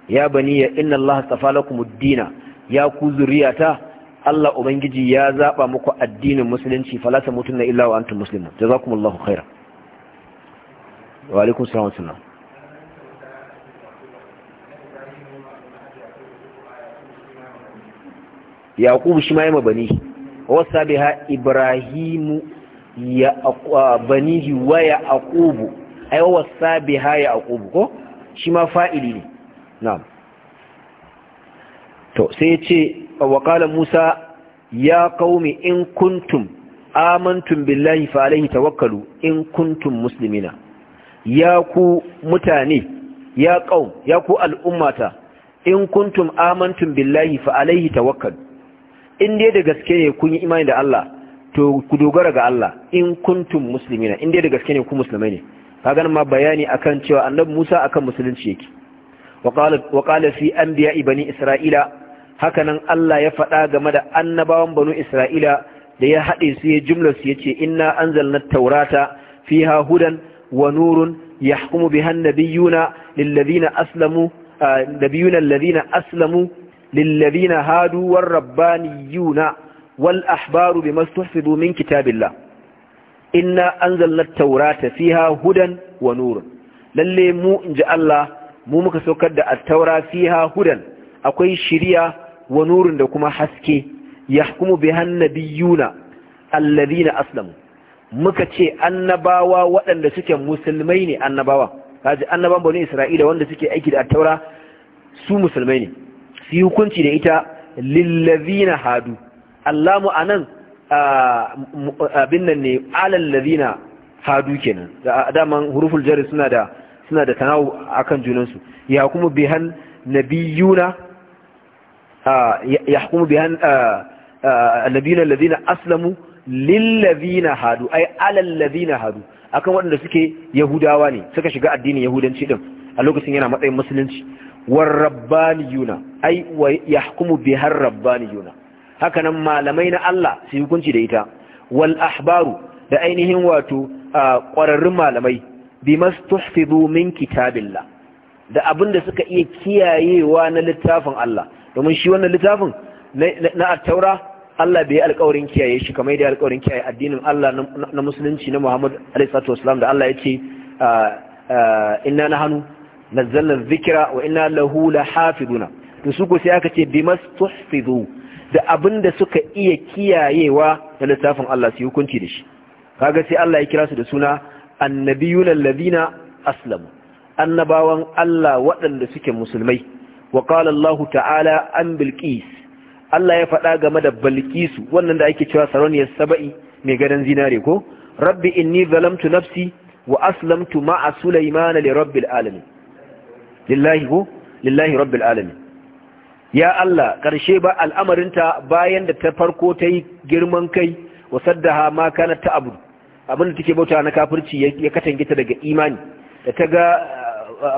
ya bani ya inna allaha astafa lakum ad-dina ya ku zuriyata Allah ubangiji ya zaba muku addinin musulunci fala tamutunna illa wa antum muslimun jazakumullahu khairan wa alaikun salam salam yaqubu shi ma yi mabani wasa biha ibrahimu ya banihi wa yaqubu ai wasa biha yaqubu ko shi ma to sai ya ce wa musa ya qaumi in kuntum amantum billahi fa alayhi tawakkalu in kuntum muslimina ya ku mutane ya qaum ya ku al'ummata in kuntum amantum billahi fa alaihi tawakkal in dai da gaske ne kun yi imani da Allah to ku dogara ga Allah in kuntum muslimina in dai da gaske ne ku musulmai ne Ka ganin ma bayani akan cewa annabi Musa akan musulunci yake wa qala fi anbiya bani isra'ila nan Allah ya faɗa game da annabawan bani isra'ila da ya haɗe su ya jumla su yace inna anzalna taurata fiha hudan Wanurun nurun yahkumu biha an-nabiyuna lilladhina aslamu uh, nabiyuna alladhina aslamu lilladhina hadu war-rabbaniyuna walahbaru ahbaru bima tuhfidu min kitabillah inna anzalna at-taurata fiha hudan wa Lallai mu inji Allah mu muka saukar da at-taura fiha hudan akwai shiriya wanurun da kuma haske yahkumu biha an-nabiyuna alladhina aslamu muka ce annabawa waɗanda suke musulmai ne annabawa kaji annaban bani isra'ila wanda suke aiki da attaura su musulmai ne su hukunci da ita lillazina hadu mu anan abin nan ne alallazina hadu kenan da daman huruful jari suna da suna da tanawu akan junansu ya kuma bihan nabiyuna ya kuma bihan nabiyuna allazina aslamu lillazina hadu ai ladina hadu akan waɗanda suke yahudawa ne suka shiga addinin yahudanci din a lokacin yana matsayin musulunci war rabbaniyuna ai wa yahkumu bihar rabbaniyuna haka nan malamai na Allah su hukunci da ita wal ahbaru da ainihin wato kwararrun malamai bi bimastuhfizu min kitabillah da abinda suka iya kiyayewa na littafin Allah domin shi wannan littafin na at-taura Allah bai alƙawarin kiyaye shi kamar da alƙawarin kiyaye addinin Allah na musulunci na Muhammad alaihi wasallam da Allah ya ce ah, ah, inna nahnu nazzalna dhikra wa inna lahu hafiduna to su ko sai aka ce bimastuhfizu da abinda suka iya kiyayewa da littafin Allah su hukunci da shi kaga sai Allah ya kira su da suna annabiyuna alladhina aslamu annabawan Allah waɗanda suke musulmai wa qala Allah ta'ala an bilqis Allah ya faɗa game da Balkisu wannan da ake cewa ya Saba'i mai gadon zinare ko Rabbi inni zalamtu nafsi wa aslamtu ma'a sulaimana li rabbil alamin lillahi ko lillahi rabbil alamin ya Allah karshe ba al'amarinta bayan da ta farko ta yi girman kai wa saddaha ma kana ta abu abinda take bauta na kafirci ya katange ta daga imani da ta ga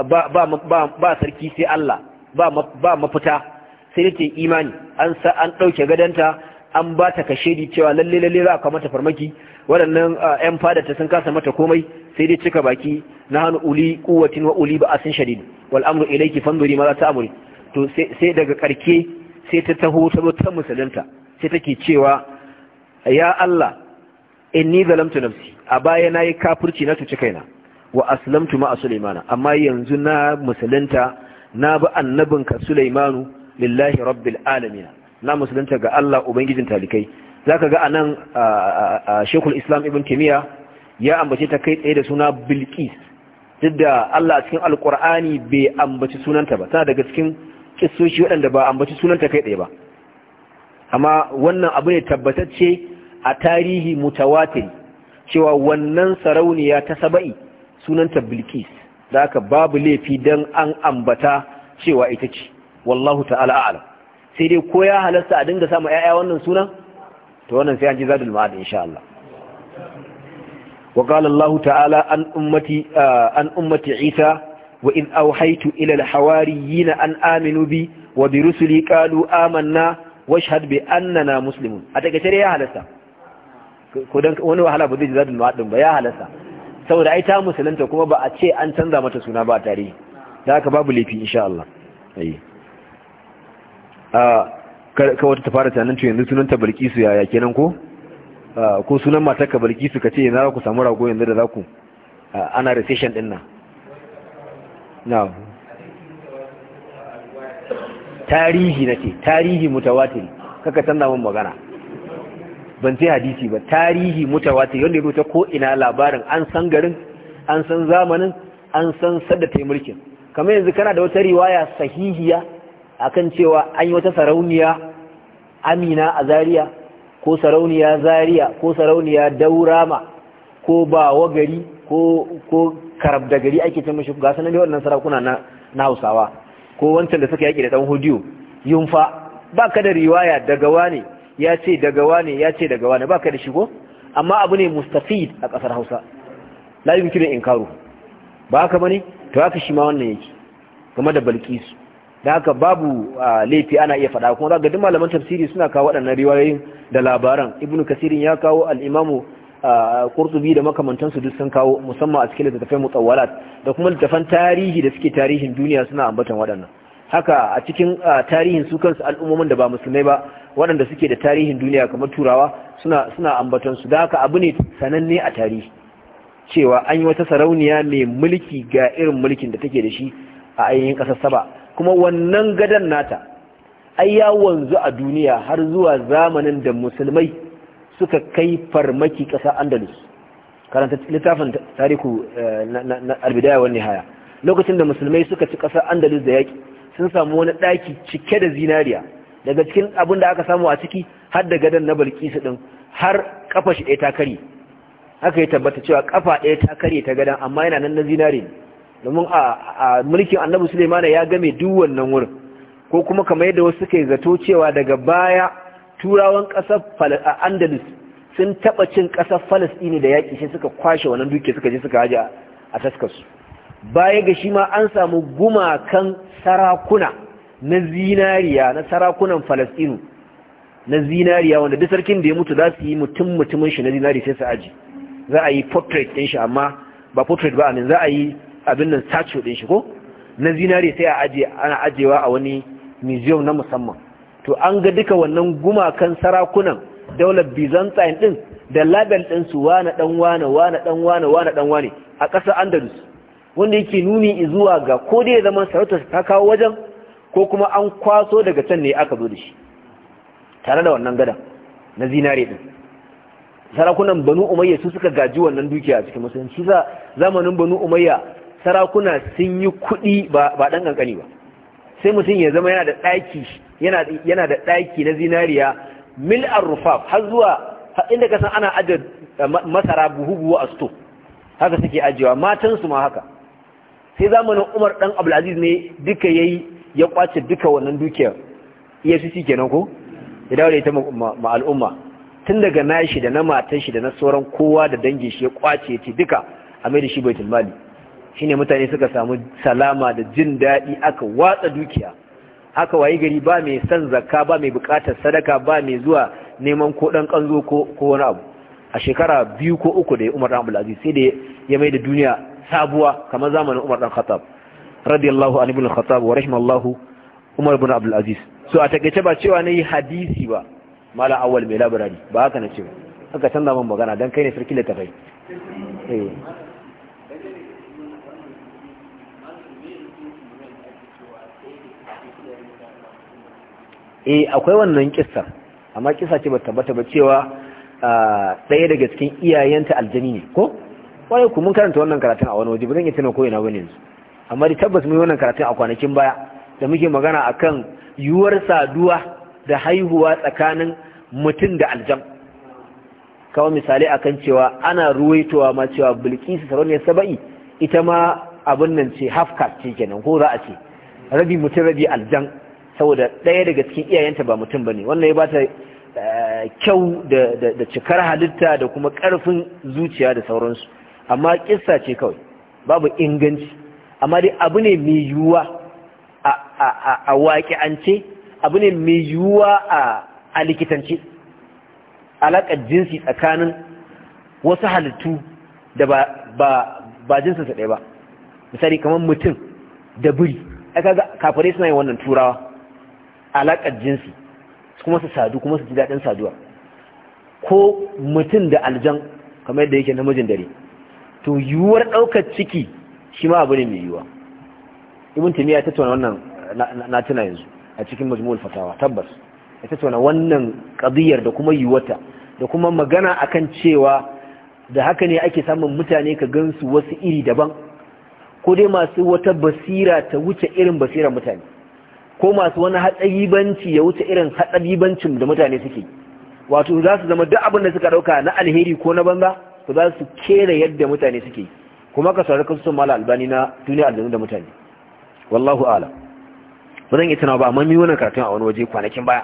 ba sarki sai Allah ba mafita sai ta imani an sa an dauke gadanta an ba ta kashedi cewa lalle lalle za ka mata farmaki waɗannan ah, yan fada ta sun kasa mata komai sai dai cika baki na hannu uli kuwatin wa uli ba asin shadid wal amru ilayki fanduri ma za ta amuri to sai daga karke sai ta taho ta zo ta musulunta sai take cewa ya Allah inni zalamtu nafsi a baya nayi kafirci na tuci kaina wa aslamtu ma sulaimana amma yanzu na musulunta na bi annabinka sulaimanu lillahi rabbil alamin na musulunta ga Allah ubangijin talikai zaka ga anan shekul Islam Ibn Kimiyya ya ambace ta kai tsaye da suna Bilqis duk da Allah a cikin Alkur'ani bai ambaci sunanta ba tana daga cikin kissoshi waɗanda ba ambaci sunanta kai tsaye ba amma wannan abu ne tabbatacce a tarihi mutawatir cewa wannan sarauniya ta saba'i sunanta Bilqis da aka babu laifi dan an ambata cewa ita ce wallahu ta'ala a'lam sai dai ko ya halasta a dinga ma ƴaƴa wannan suna? to wannan sai an ji zadul ma'ad insha Allah wa qala Allah ta'ala an ummati an ummati Isa wa in awhaytu ila al-hawariyina an aminu bi wa bi rusuli qalu amanna washhad bi annana muslimun a tare ya halasta ko dan wani wahala ba zai zadul ma'ad ba ya halasta saboda ai ta musulunta kuma ba a ce an canza mata suna ba tarihi da haka babu laifi insha Allah ayi ka wata ta fara tunanin yanzu sunan ta Bilkisu yaya kenan ko ko sunan matar ka Bilkisu kace yanzu za ku samu rago yanzu da za ku ana recession din nan now tarihi nake tarihi mutawatir kaka canza min magana ban sai hadisi ba tarihi mutawatir yanda ya ta ko ina labarin an san garin an san zamanin an san sadda ta mulkin kamar yanzu kana da wata riwaya sahihiya akan cewa an yi wata sarauniya amina a zariya ko sarauniya zariya ko sarauniya daurama ko bawa gari ko karab da gari ake ce mashi ga sanan da wannan sarakuna na hausawa ko wancan da suka yaki da ɗan hudiyo yunfa ba ka da riwaya daga wane ya ce daga wane ya ce daga wane ba ka da shigo amma abu ne mustafid a ƙasar hausa la yumkinu inkaru ba ka bane to haka shi ma wannan yake game da balkisu da haka babu laifi ana iya faɗa kuma za ga malaman tafsiri suna kawo waɗannan riwayoyin da labaran ibnu kasirin ya kawo al'imamu qurtubi da makamantansu duk sun kawo musamman a cikin littattafai mutawwalat da kuma littattafan tarihi da suke tarihin duniya suna ambatan waɗannan haka a cikin tarihin su kansu al'ummomin da ba musulmai ba waɗanda suke da tarihin duniya kamar turawa suna suna ambatan su da haka abu ne sananne a tarihi cewa an yi wata sarauniya mai mulki ga irin mulkin da take da shi a ainihin ƙasar saba kuma wannan gadon nata ai ya wanzu a duniya har zuwa zamanin da musulmai suka kai farmaki ƙasa andalus karanta littafin tarihu eh, na albidaya wani haya lokacin da musulmai suka ci ƙasa andalus da yaƙi sun samu wani ɗaki cike da zinariya daga cikin abin da aka samu a ciki har da gadon na Bilkisu ɗin har ƙafa shi ɗaya ta kare aka yi tabbata cewa ƙafa ɗaya ta kare ta gadon amma yana nan na zinari ne domin a mulkin annabi sulaimana ya game duk wannan wurin ko kuma kamar yadda wasu suka yi zato cewa daga baya turawan kasar andalus sun taba cin ƙasar falastini da yaƙi sai suka kwashe wannan duke suka je suka haja a taskarsu baya ga shi ma an samu gumakan sarakuna na zinariya na sarakunan falastinu na zinariya wanda duk sarkin da ya mutu za su yi mutum mutumin shi na zinari sai su aji za a yi portrait ɗin shi amma ba portrait ba amin za a yi abin nan sacho din shi ko na zinare sai a aje ana ajewa a wani museum na musamman to an ga duka wannan gumakan sarakunan daular Byzantine din da label din su wana dan wane wana dan wane wana dan wane a ƙasar Andalus wanda yake nuni zuwa ga ko dai zaman sarautar ta kawo wajen ko kuma an kwaso daga can ne aka zo da shi tare da wannan gadan na zinare din sarakunan banu umayya su suka gaji wannan dukiya cikin musulunci za zamanin banu umayya sarakuna sun yi kuɗi ba ɗan ƙanƙani ba sai mutum ya zama yana da ɗaki na zinariya mil rufaf har zuwa inda ka san ana ajiye eh, masara buhu-buhu a sto haka suke ajiyewa matansu ma haka sai zamanin umar ɗan abdulaziz ne duka ya ya kwace duka wannan dukiyar efcc kenan ko ya dawo da ita ma tun daga nashi da na matan da na sauran kowa da dangin shi ya kwace ya ce duka a mai da shi bai mali shine mutane suka samu salama da jin daɗi aka watsa dukiya aka wayi gari ba mai son zakka ba mai buƙatar sadaka ba mai zuwa neman ko ɗan ƙanzo ko wani abu a shekara biyu ko uku da ya umar ɗan abulaziz sai da ya mai da duniya sabuwa kamar zamanin umar ɗan khattab radiyallahu an ibn khattab wa rahimallahu umar ibn abdulaziz so a takaice ba cewa na yi hadisi ba mala awal mai labarari ba haka na ce ba canza man magana don kai ne sarki littafai eh. eh akwai wannan kissa amma kissa ce ba tabbata ba cewa ɗaya daga cikin iyayenta aljani ne ko wai ku mun karanta wannan karatun a wani waje ba zan iya tana ko ina wani yanzu amma da tabbas mun wannan karatun a kwanakin baya da muke magana akan yuwar saduwa da haihuwa tsakanin mutum da aljan kawai misali akan cewa ana ruwaitowa ma cewa bilkisu sarauniyar saba'i ita ma abin nan ce hafka ce kenan ko za a ce rabi mutum rabi aljan saboda ɗaya daga cikin iyayenta ba mutum ba bane wannan ya ba ta eh, kyau da cikar halitta da kuma ƙarfin zuciya da sauransu amma kissa ce kawai babu inganci amma dai abu ne mai yiwuwa a waƙi'ance abu ne mai yiwuwa a likitance alaƙar jinsi tsakanin wasu halittu da ba jinsinsa ɗaya ba misali kamar mutum da biri aka ga kafirai suna yi wannan turawa alaƙar jinsi kuma su sadu kuma su ji daɗin saduwa ko mutum da aljan kamar yadda yake namijin dare to yiwuwar ɗaukar ciki shi ma abu ne mai yiwuwa ibn timiya ya tattauna wannan na tuna yanzu a cikin majmu'ul fatawa tabbas ya tattauna wannan qadiyar da kuma yiwuwarta da kuma magana akan cewa da haka ne ake samun mutane ka gansu wasu iri daban ko dai masu wata basira ta wuce irin basirar mutane ko masu wani hatsaribanci ya wuce irin hatsaribancin da mutane suke wato za su zama duk abin da suka dauka na alheri ko na banza to za su kera yadda mutane suke kuma ka saurari kasu mala albani na duniya aljanu da mutane wallahu ala ba zan yi tunawa ba amma mi wannan karatun a wani waje kwanakin baya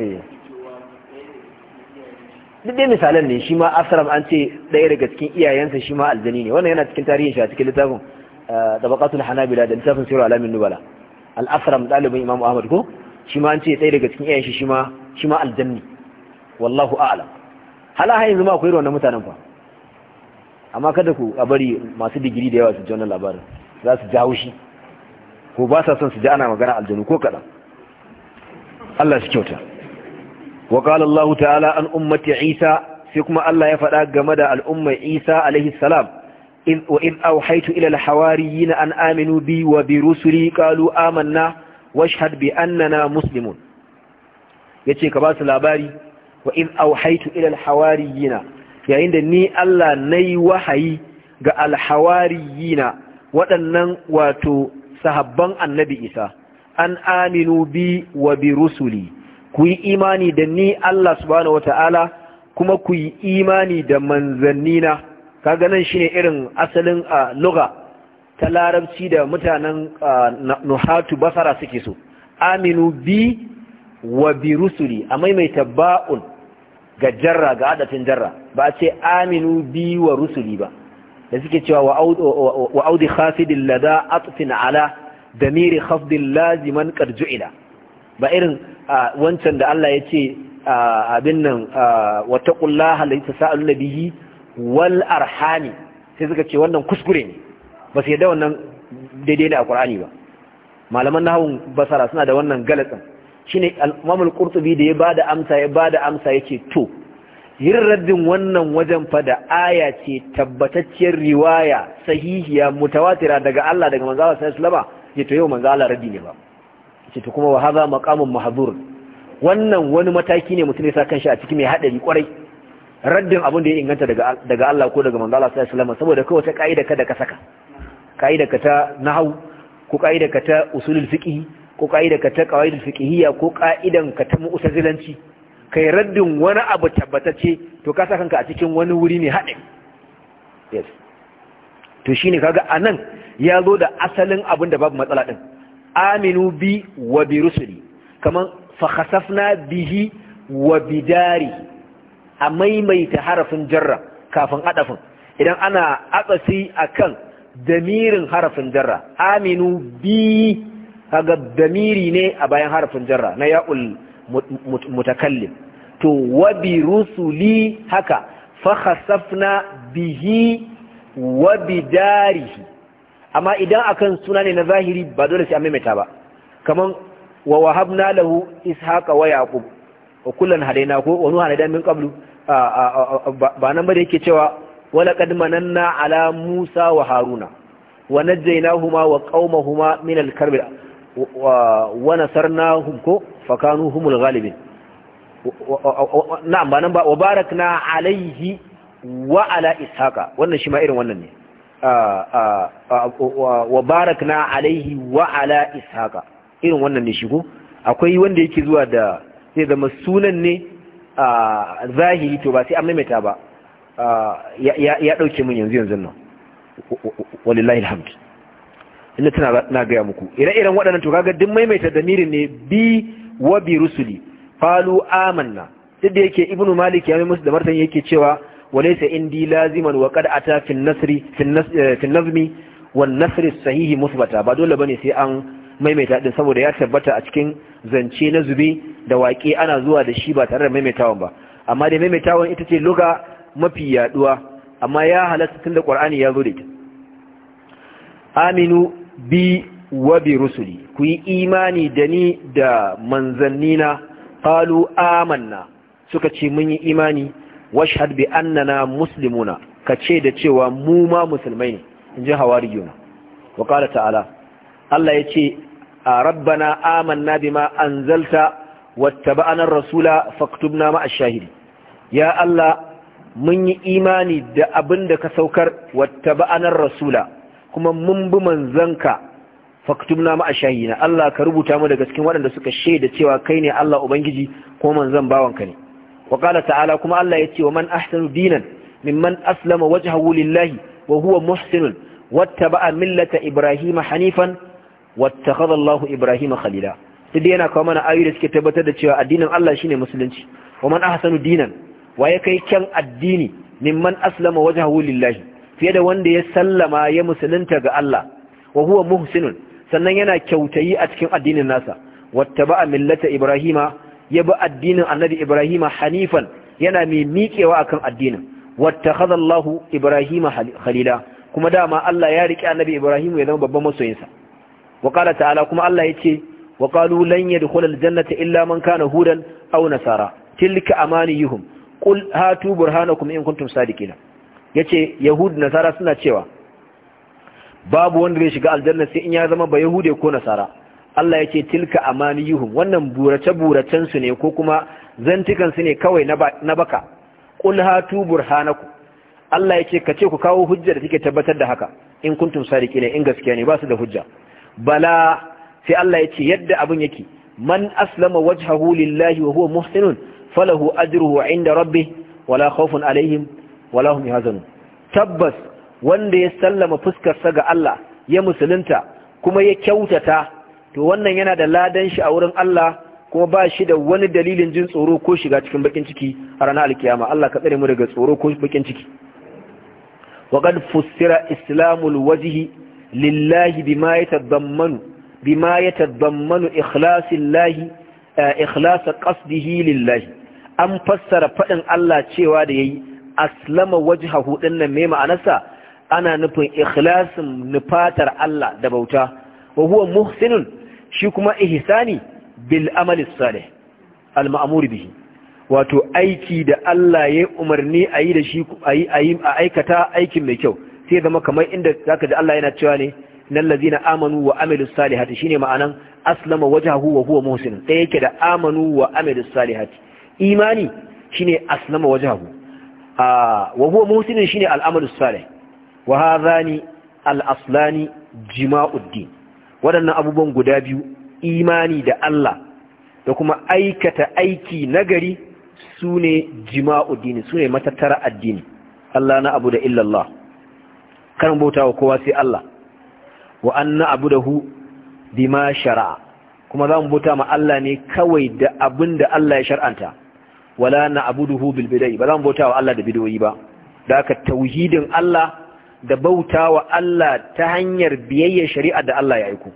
eh. duk dai misalan ne shi ma asram an ce daya daga cikin iyayensa shi ma aljani ne wannan yana cikin tarihin shi a cikin littafin tabaqatul hanabila da littafin sirru alamin nubala al-asram dalibin imam ahmad ko shi ma an ce tsaye daga cikin iyayen shi shima ma aljanni wallahu a'lam hala har yanzu ku akwai irin wannan mutanen fa amma kada ku a bari masu digiri da yawa su ji wannan labarin za su ja haushi ko ba sa son su ji ana magana aljanu ko kaɗan Allah shi kyauta wa qala Allah ta'ala an ummati Isa sai kuma Allah ya faɗa game da al'ummar Isa alaihi salam وإذ أوحيت إلى الحواريين أن آمنوا بي وبرسلي قالوا آمنا واشهد بأننا مسلمون yace ka ba su labari wa in auhaitu ila alhawariyina yayin da ni Allah nayi wahayi ga alhawariyina waɗannan wato sahabban annabi Isa an aminu bi wa bi rusuli ku yi imani da ni Allah subhanahu ta'ala kuma ku yi imani da manzannina Ka ganin shi ne irin asalin luga ta larabci da mutanen nuhatu basara suke so aminu bi wa bi rusuli a maimaita ba'un ga jarra ga adatin jarra ba a ce aminu bi wa rusuli ba da suke cewa wa audi khasidin lada atfin ala damiri khafdin laziman karju'ila ba irin wancan da Allah ya ce abin nan wata ƙullaha da ta sa'alun wal arhami sai suka ce wannan kuskure ne ba su yadda wannan daidai da alkur'ani ba malaman nahawun basara suna da wannan galatin shine al-imam da ya bada amsa ya bada amsa yace to yin raddin wannan wajen fa da aya ce tabbatacciyar riwaya sahihiya mutawatira daga Allah daga manzo Allah sallallahu alaihi to yau manzo raddi ne ba ce to kuma wa hadha maqamun mahdhur wannan wani mataki ne mutum ya sa kanshi a cikin mai hadari kwarai raddin abin da ya inganta daga Allah ko daga manzala sai salama saboda kawai ta kaida ka da ka saka kaida ka ta nahwu ko kaida ka ta usulul fiqh ko kaida ka ta qawaidul fiqhiyya ko kaidan ka ta mu'tazilanci kai raddin wani abu tabbatacce to ka saka kanka a cikin wani wuri mai haɗin yes to shine kaga anan ya zo da asalin abin da babu matsala din aminu bi wa bi rusuli kaman fa khasafna bihi wa bidarihi a maimaita harafin jarra kafin adafin idan ana atsasi akan damirin harafin jarra aminu bi kaga damiri ne a bayan harafin jarra na ya'ul mutakallim to wa bi rusuli haka fa khasafna bihi wa bi amma idan akan suna ne na zahiri ba dole sai an maimaita ba kaman wa wahabna lahu ishaqa wa yaqub wa kullun hadaina ko wani nuha hadaina min qablu ba nan ba da yake cewa wala qad mananna ala musa wa haruna wa najjaynahuma wa qaumahuma min al-karbi wa nasarnahum ko fakanu humul ghalibin na'am ba nan ba wa barakna alaihi wa ala ishaqa wannan shi ma irin wannan ne wa barakna alaihi wa ala ishaqa irin wannan ne shi ko akwai wanda yake zuwa da Sai da sunan ne a zahiri to ba sai an maimaita ba ya ɗauke mun yanzu yanzu nan walillahi alhamdu ina tana na gaya muku ire-iren waɗannan to kaga duk maimaita damirin ne bi wa bi rusuli falu amanna duk da yake ibnu malik ya mai musu da martani yake cewa walaysa indi laziman wa qad ata fi nasri fi eh, nazmi wan nasri sahihi musbata ba dole bane sai an maimaita din saboda ya tabbata a cikin zance na zubi da waƙe ana zuwa da shi ba tare da maimaitawan ba amma da maimaitawan ita ce luga mafi yaduwa amma ya halatta tun da qur'ani ya zo da ita aminu bi wa bi rusuli ku yi imani da ni da manzanni na qalu amanna suka ce mun yi imani washhad bi annana muslimuna ka ce da cewa mu ma musulmai ne in ji hawariyuna wa qala ta'ala Allah ya ce rabbana amanna bima anzalta wattaba'ana ar-rasula faktubna ma'a ash ya Allah mun yi imani da abin da ka saukar wattaba'ana ar-rasula kuma mun bi manzanka faktubna ma'a shahina Allah ka rubuta mu daga cikin waɗanda suka shaida cewa kai ne Allah ubangiji ko manzan bawanka ne Wakala qala ta'ala kuma Allah ya ce wa man ahsanu dinan mimman aslama wajhahu lillahi wa huwa muhsinun wattaba'a millata ibrahima hanifan wattakhadha Allahu Ibrahim khalila duk yana kawo mana ayoyi da suke tabbatar da cewa addinin Allah shine musulunci wa man ahsanu dinan wa ya kai kyan addini mimman aslama wajhahu lillahi fiye da wanda ya sallama ya musulunta ga Allah wa huwa muhsinun sannan yana kyautayi a cikin addinin nasa wattaba'a millata ibrahima ya bi addinin annabi ibrahima hanifan yana mai miƙewa akan addinin wattakhadha ibrahima khalila kuma dama Allah ya riƙe annabi ibrahim ya zama babban masoyinsa wa qala ta'ala kuma Allah yace wa qalu lan yadkhula aljannata illa man kana hudan aw nasara tilka amaniyuhum qul hatu burhanakum in kuntum sadiqina yace yahud nasara suna cewa babu wanda zai shiga aljanna sai in ya zama ba yahude ko nasara Allah tilka amaniyuhum wannan burace buracensu ne ko kuma zantikansu ne kawai na baka qul hatu burhanakum Allah ce ka ce ku kawo hujja da take tabbatar da haka in kuntum sadiqina in gaskiya ne ba su da hujja bala sai Allah ya ce yadda abin yake man aslama wajhahu lillahi wa huwa muhsinun falahu ajruhu inda rabbi wala khawfun alaihim wala hum yahzanun tabbas wanda ya sallama fuskar sa ga Allah ya musulunta kuma ya kyautata to wannan yana da ladan shi a wurin Allah kuma ba shi da wani dalilin jin tsoro ko shiga cikin bakin ciki a ranar alkiyama Allah ka tsare mu daga tsoro ko bakin ciki wa qad fussira islamul wajhi lillahi bima yatadammanu bima yatadammanu ikhlasillahi eh, ikhlasa lillahi an fassara faɗin Allah cewa da yayi aslama wajhahu dinnan me ma'anarsa ana nufin ikhlasin nufatar Allah da bauta wa huwa muhsinun shi kuma ihsani bil amali salih al ma'mur bihi wato aiki da Allah ya umarni a yi da shi a aikata aikin mai kyau sai zama kamar inda za ka ji Allah yana cewa ne nan lazina amanu wa amilus salihati ne ma'anan aslama wajhahu wa huwa muhsin sai yake da amanu wa amilus salihati imani shine aslama wajhahu wa huwa muhsin shine al'amalus salih wa hadhani al-aslani jima'uddin waɗannan abubuwan guda biyu imani da Allah da kuma aikata aiki nagari sune jima'uddin sune matattara addini Allah na abu da illallah kar mu bauta wa kowa sai Allah wa anna abudahu bima shara'a kuma za mu bauta ma Allah ne kawai da abin da Allah ya shar'anta wala na abuduhu bil bidai ba za mu bauta wa Allah da bidoyi ba da aka tauhidin Allah da bauta wa Allah ta hanyar biyayya shari'a da Allah ya aiko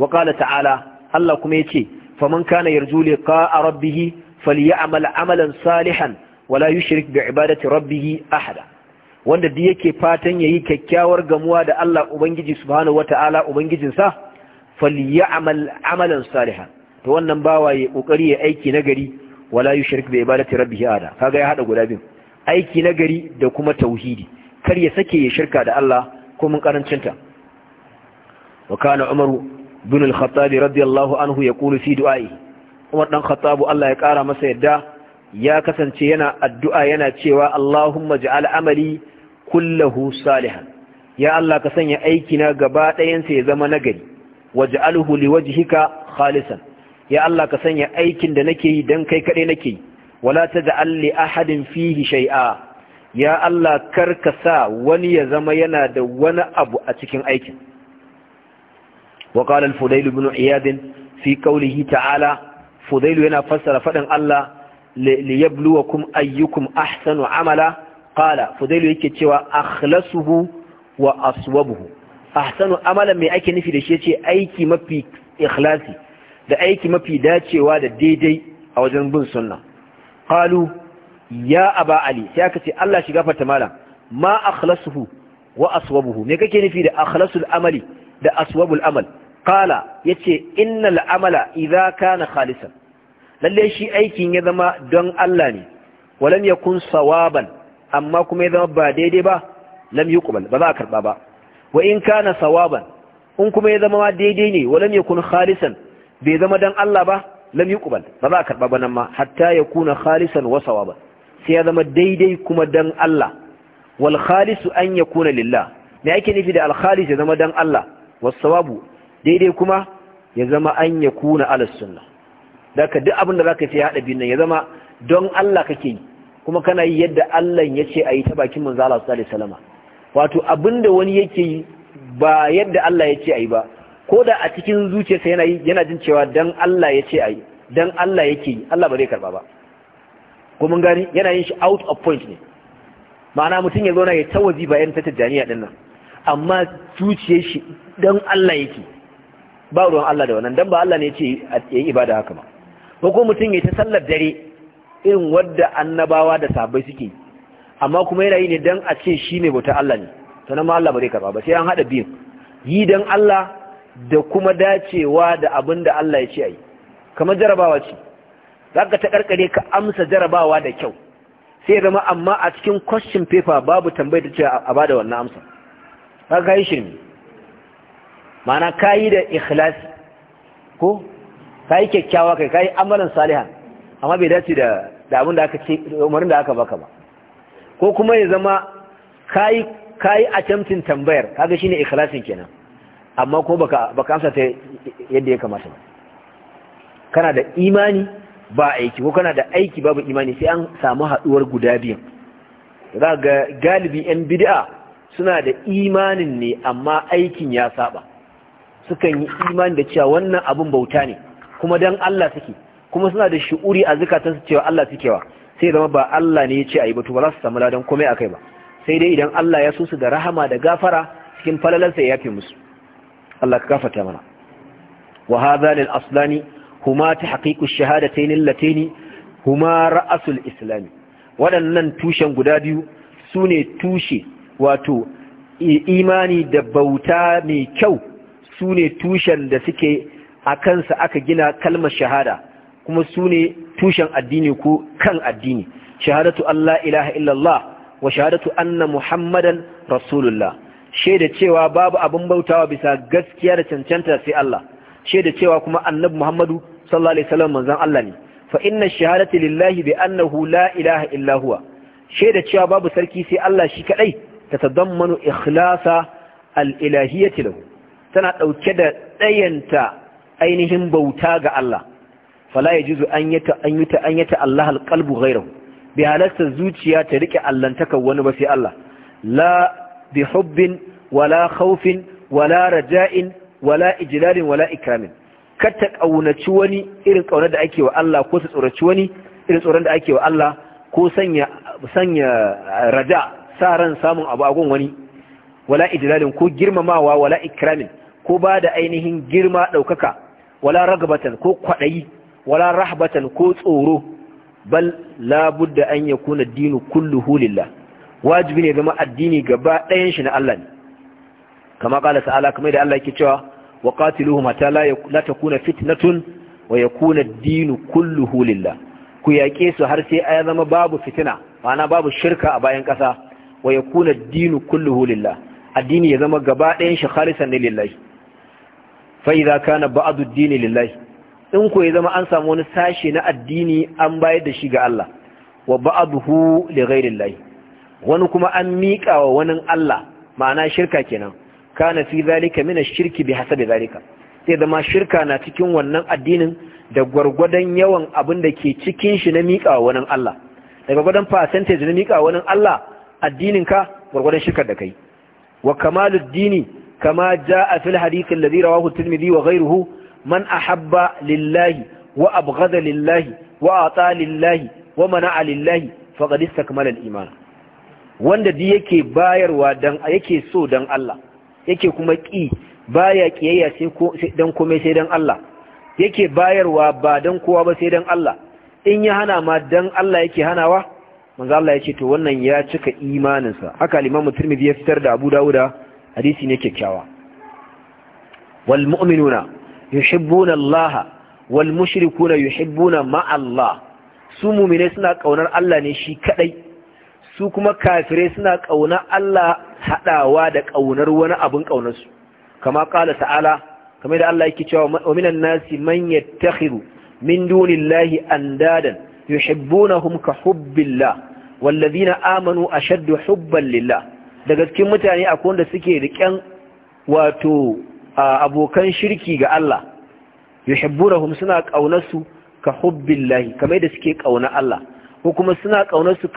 wa qala ta'ala Allah kuma yace faman kana yarju liqa'a rabbih falyamal amalan salihan wala yushrik bi ibadati rabbih ahada wanda duk yake fatan yayi kyakkyawar gamuwa da Allah ubangiji subhanahu wataala ubangijinsa falyamal amalan salihan to wannan bawa ya kokari ya aiki nagari wala yushrik bi ibadati rabbih ada kaga ya hada guda biyu aiki nagari da kuma tauhidi kar ya sake ya shirka da Allah ko mun karancinta wa kana umaru bin al-khattab radiyallahu anhu yaqulu fi du'ai umar dan khattab Allah ya kara masa yadda ya kasance yana addu'a yana cewa Allahumma ja'al amali kullahu salihan ya Allah ka sanya aikina gaba ɗayansa ya zama nagari waj'alhu liwajhika khalisan ya Allah ka sanya aikin da nake yi dan kai kaɗai nake yi wala da alli ahadin fihi shai'a ya Allah kar ka sa wani ya zama yana da wani abu a cikin aikin wa qala al-fudayl ibn iyad fi qawlihi ta'ala fudayl yana fassara fadin Allah liyabluwakum ayyukum ahsanu amala qala fudailu yake cewa akhlasuhu wa aswabuhu ahsanu amalan mai ake nufi da shi yace aiki mafi ikhlasi da aiki mafi dacewa da daidai a wajen bin sunna qalu ya aba ali sai aka ce Allah shiga fata malam ma akhlasuhu wa aswabuhu me kake nufi da akhlasul amali da aswabul amal qala yace innal amala idza kana khalisan lalle shi aikin ya zama don Allah ne walam yakun sawaban amma kuma ya zama ba daidai ba lam yuqbal ba za a karba ba wa in kana sawaban in kuma ya zama ma daidai ne wa lam kuna khalisan bai zama dan Allah ba lam yuqbal ba za a karba ba nan ma hatta kuna khalisan wa sawaban sai ya zama daidai kuma dan Allah wal khalisu an kuna lillah me ake nufi da alkhalis ya zama dan Allah wasawabu daidai kuma ya zama an ya kuna ala sunna daga duk abin da za ka ya haɗa bin nan ya zama don Allah kake yi kuma kana yi yadda Allah ya ce a yi ta bakin manzo Allah sallallahu alaihi wasallam wato abinda wani yake yi ba yadda Allah ya ce a yi ba ko da a cikin zuciyarsa yana yana jin cewa dan Allah ya ce a yi dan Allah yake yi Allah ba zai karba ba ko mun gani yana yin shi out of point ne ma'ana mutum ya zauna ya tawazi bayan ta tajaniya din nan amma zuciyar shi dan Allah yake ba ruwan Allah da wannan dan ba Allah ne ya ce yi ibada haka ba ko mutum ya ta sallar dare irin wadda annabawa da sabai suke amma kuma yana yi ne don a ce shi ne bauta Allah ne sanan ma Allah ba zai karɓa ba sai an haɗa biyu yi don Allah da kuma dacewa da abin da Allah ya ce a yi. kamar jarabawa ce ka ta karkare ka amsa jarabawa da kyau sai zama amma a cikin question fefa babu tambayar ta ce a bada wannan amsa ka yi shirmi ma'ana yi da ikhlasi ko ka yi kyakkyawa kai yi amalan salihan amma bai dace da abin da aka ce umarin da aka baka ba ko kuma ya zama kayi kayi attempting tambayar kaga shine ikhlasin kenan amma ko baka baka amsa ta yadda ya kamata ba kana da imani ba aiki ko kana da aiki babu imani sai an samu haduwar guda biyan za ga galibi yan bid'a suna da imanin ne amma aikin ya saba sukan yi imani da cewa wannan abun bauta ne kuma dan Allah suke kuma suna da shi'uri a zukatan su cewa Allah suke wa sai zama ba Allah ne ya ce a yi to ba za su samu ladan a kai ba sai dai idan Allah ya so su da rahama da gafara cikin falalansa ya yafe musu Allah ka gafarta mana wa hadha lil aslani huma tahqiqu ash-shahadatayn allatayn huma ra'asul islam waɗannan tushen guda biyu sune tushe wato imani da bauta mai kyau sune tushen da suke a kansa aka gina kalmar shahada kuma su ne tushen addini ko kan addini shahadatu Allah ilaha illallah wa shahadatu anna muhammadan rasulullah shaida cewa babu abin bautawa bisa gaskiya da cancanta sai Allah shaida cewa kuma annabi muhammadu sallallahu alaihi wasallam manzon Allah ne fa inna shahadati lillahi bi annahu la ilaha illa huwa shaida cewa babu sarki sai Allah shi kadai tatadammanu ikhlasa al-ilahiyyati lahu tana dauke da tsayanta ainihin bauta ga Allah fala yajuzu an yata an yuta an yata Allah alqalbu ghayrahu bi halasta zuciya ta rike allantaka wani ba sai Allah la bi hubbin wala khawfin wala raja'in wala ijlalin wala ikramin kar ta kaunaci wani irin kaunar da ake wa Allah ko ta tsoraci wani irin tsoron da ake wa Allah ko sanya sanya raja sa ran samun abu a gun wani wala ijlalin ko girmamawa wala ikramin ko ba da ainihin girma daukaka wala ragabatan ko kwadayi wala rahbatan ko tsoro bal labudda an dinu kullu lillah wajibi ne zama addini gaba ɗayan shi na Allah ne kama kala ta'ala kamar da Allah yake cewa wa qatiluhum mata la takuna fitnatun wa dinu kullu lillah ku yaƙe su har sai ya zama babu fitina ma'ana babu shirka a bayan ƙasa wa yakuna dinu kullu lillah addini ya zama gaba ɗayan shi khalisan lillahi fa idza kana ad-dini lillahi in ku ya zama an samu wani sashe na addini an bayar da shi ga Allah wa ba'dahu li wani kuma an miƙa wa wani Allah ma'ana shirka kenan na fi zalika min shirki bi hasabi zalika sai zama shirka na cikin wannan addinin da gwargwadon yawan abin da ke cikin shi na miƙa wa wani Allah da gwargwadon percentage na miƙa wa wani Allah addinin ka gwargwadon shirkar da kai wa kamaluddini kama jaa fil hadith alladhi rawahu at-tirmidhi wa ghayruhu man أحب lillahi wa لله lillahi wa ومنع lillahi wa mana'a lillahi iman wanda duk yake bayarwa dan yake so dan Allah yake kuma ki baya kiyayya sai ko dan komai sai dan Allah yake bayarwa ba dan kowa ba sai dan Allah in ya hana ma dan Allah yake hanawa manzo Allah yace to wannan ya cika imaninsa haka al-Imam Tirmidhi ya fitar da Abu Dawuda hadisi ne kyakkyawa wal mu'minuna yuhibbuna Allah wal mushrikuna yuhibbuna ma Allah su mu'mine suna kaunar Allah ne shi kadai su kuma kafire suna kauna Allah hadawa da kaunar wani abin kaunar su kama qala ta'ala kamar da Allah yake cewa wa minan nasi man yattakhiru min dunillahi andadan yuhibbunahum ka hubbillah wallazina amanu ashaddu hubban lillah daga cikin mutane akwai wanda suke riƙen wato abokan shirki ga Allah yuhibbunahum suna ƙaunarsu ka hubbillahi kamar da suke kauna Allah ko kuma suna su.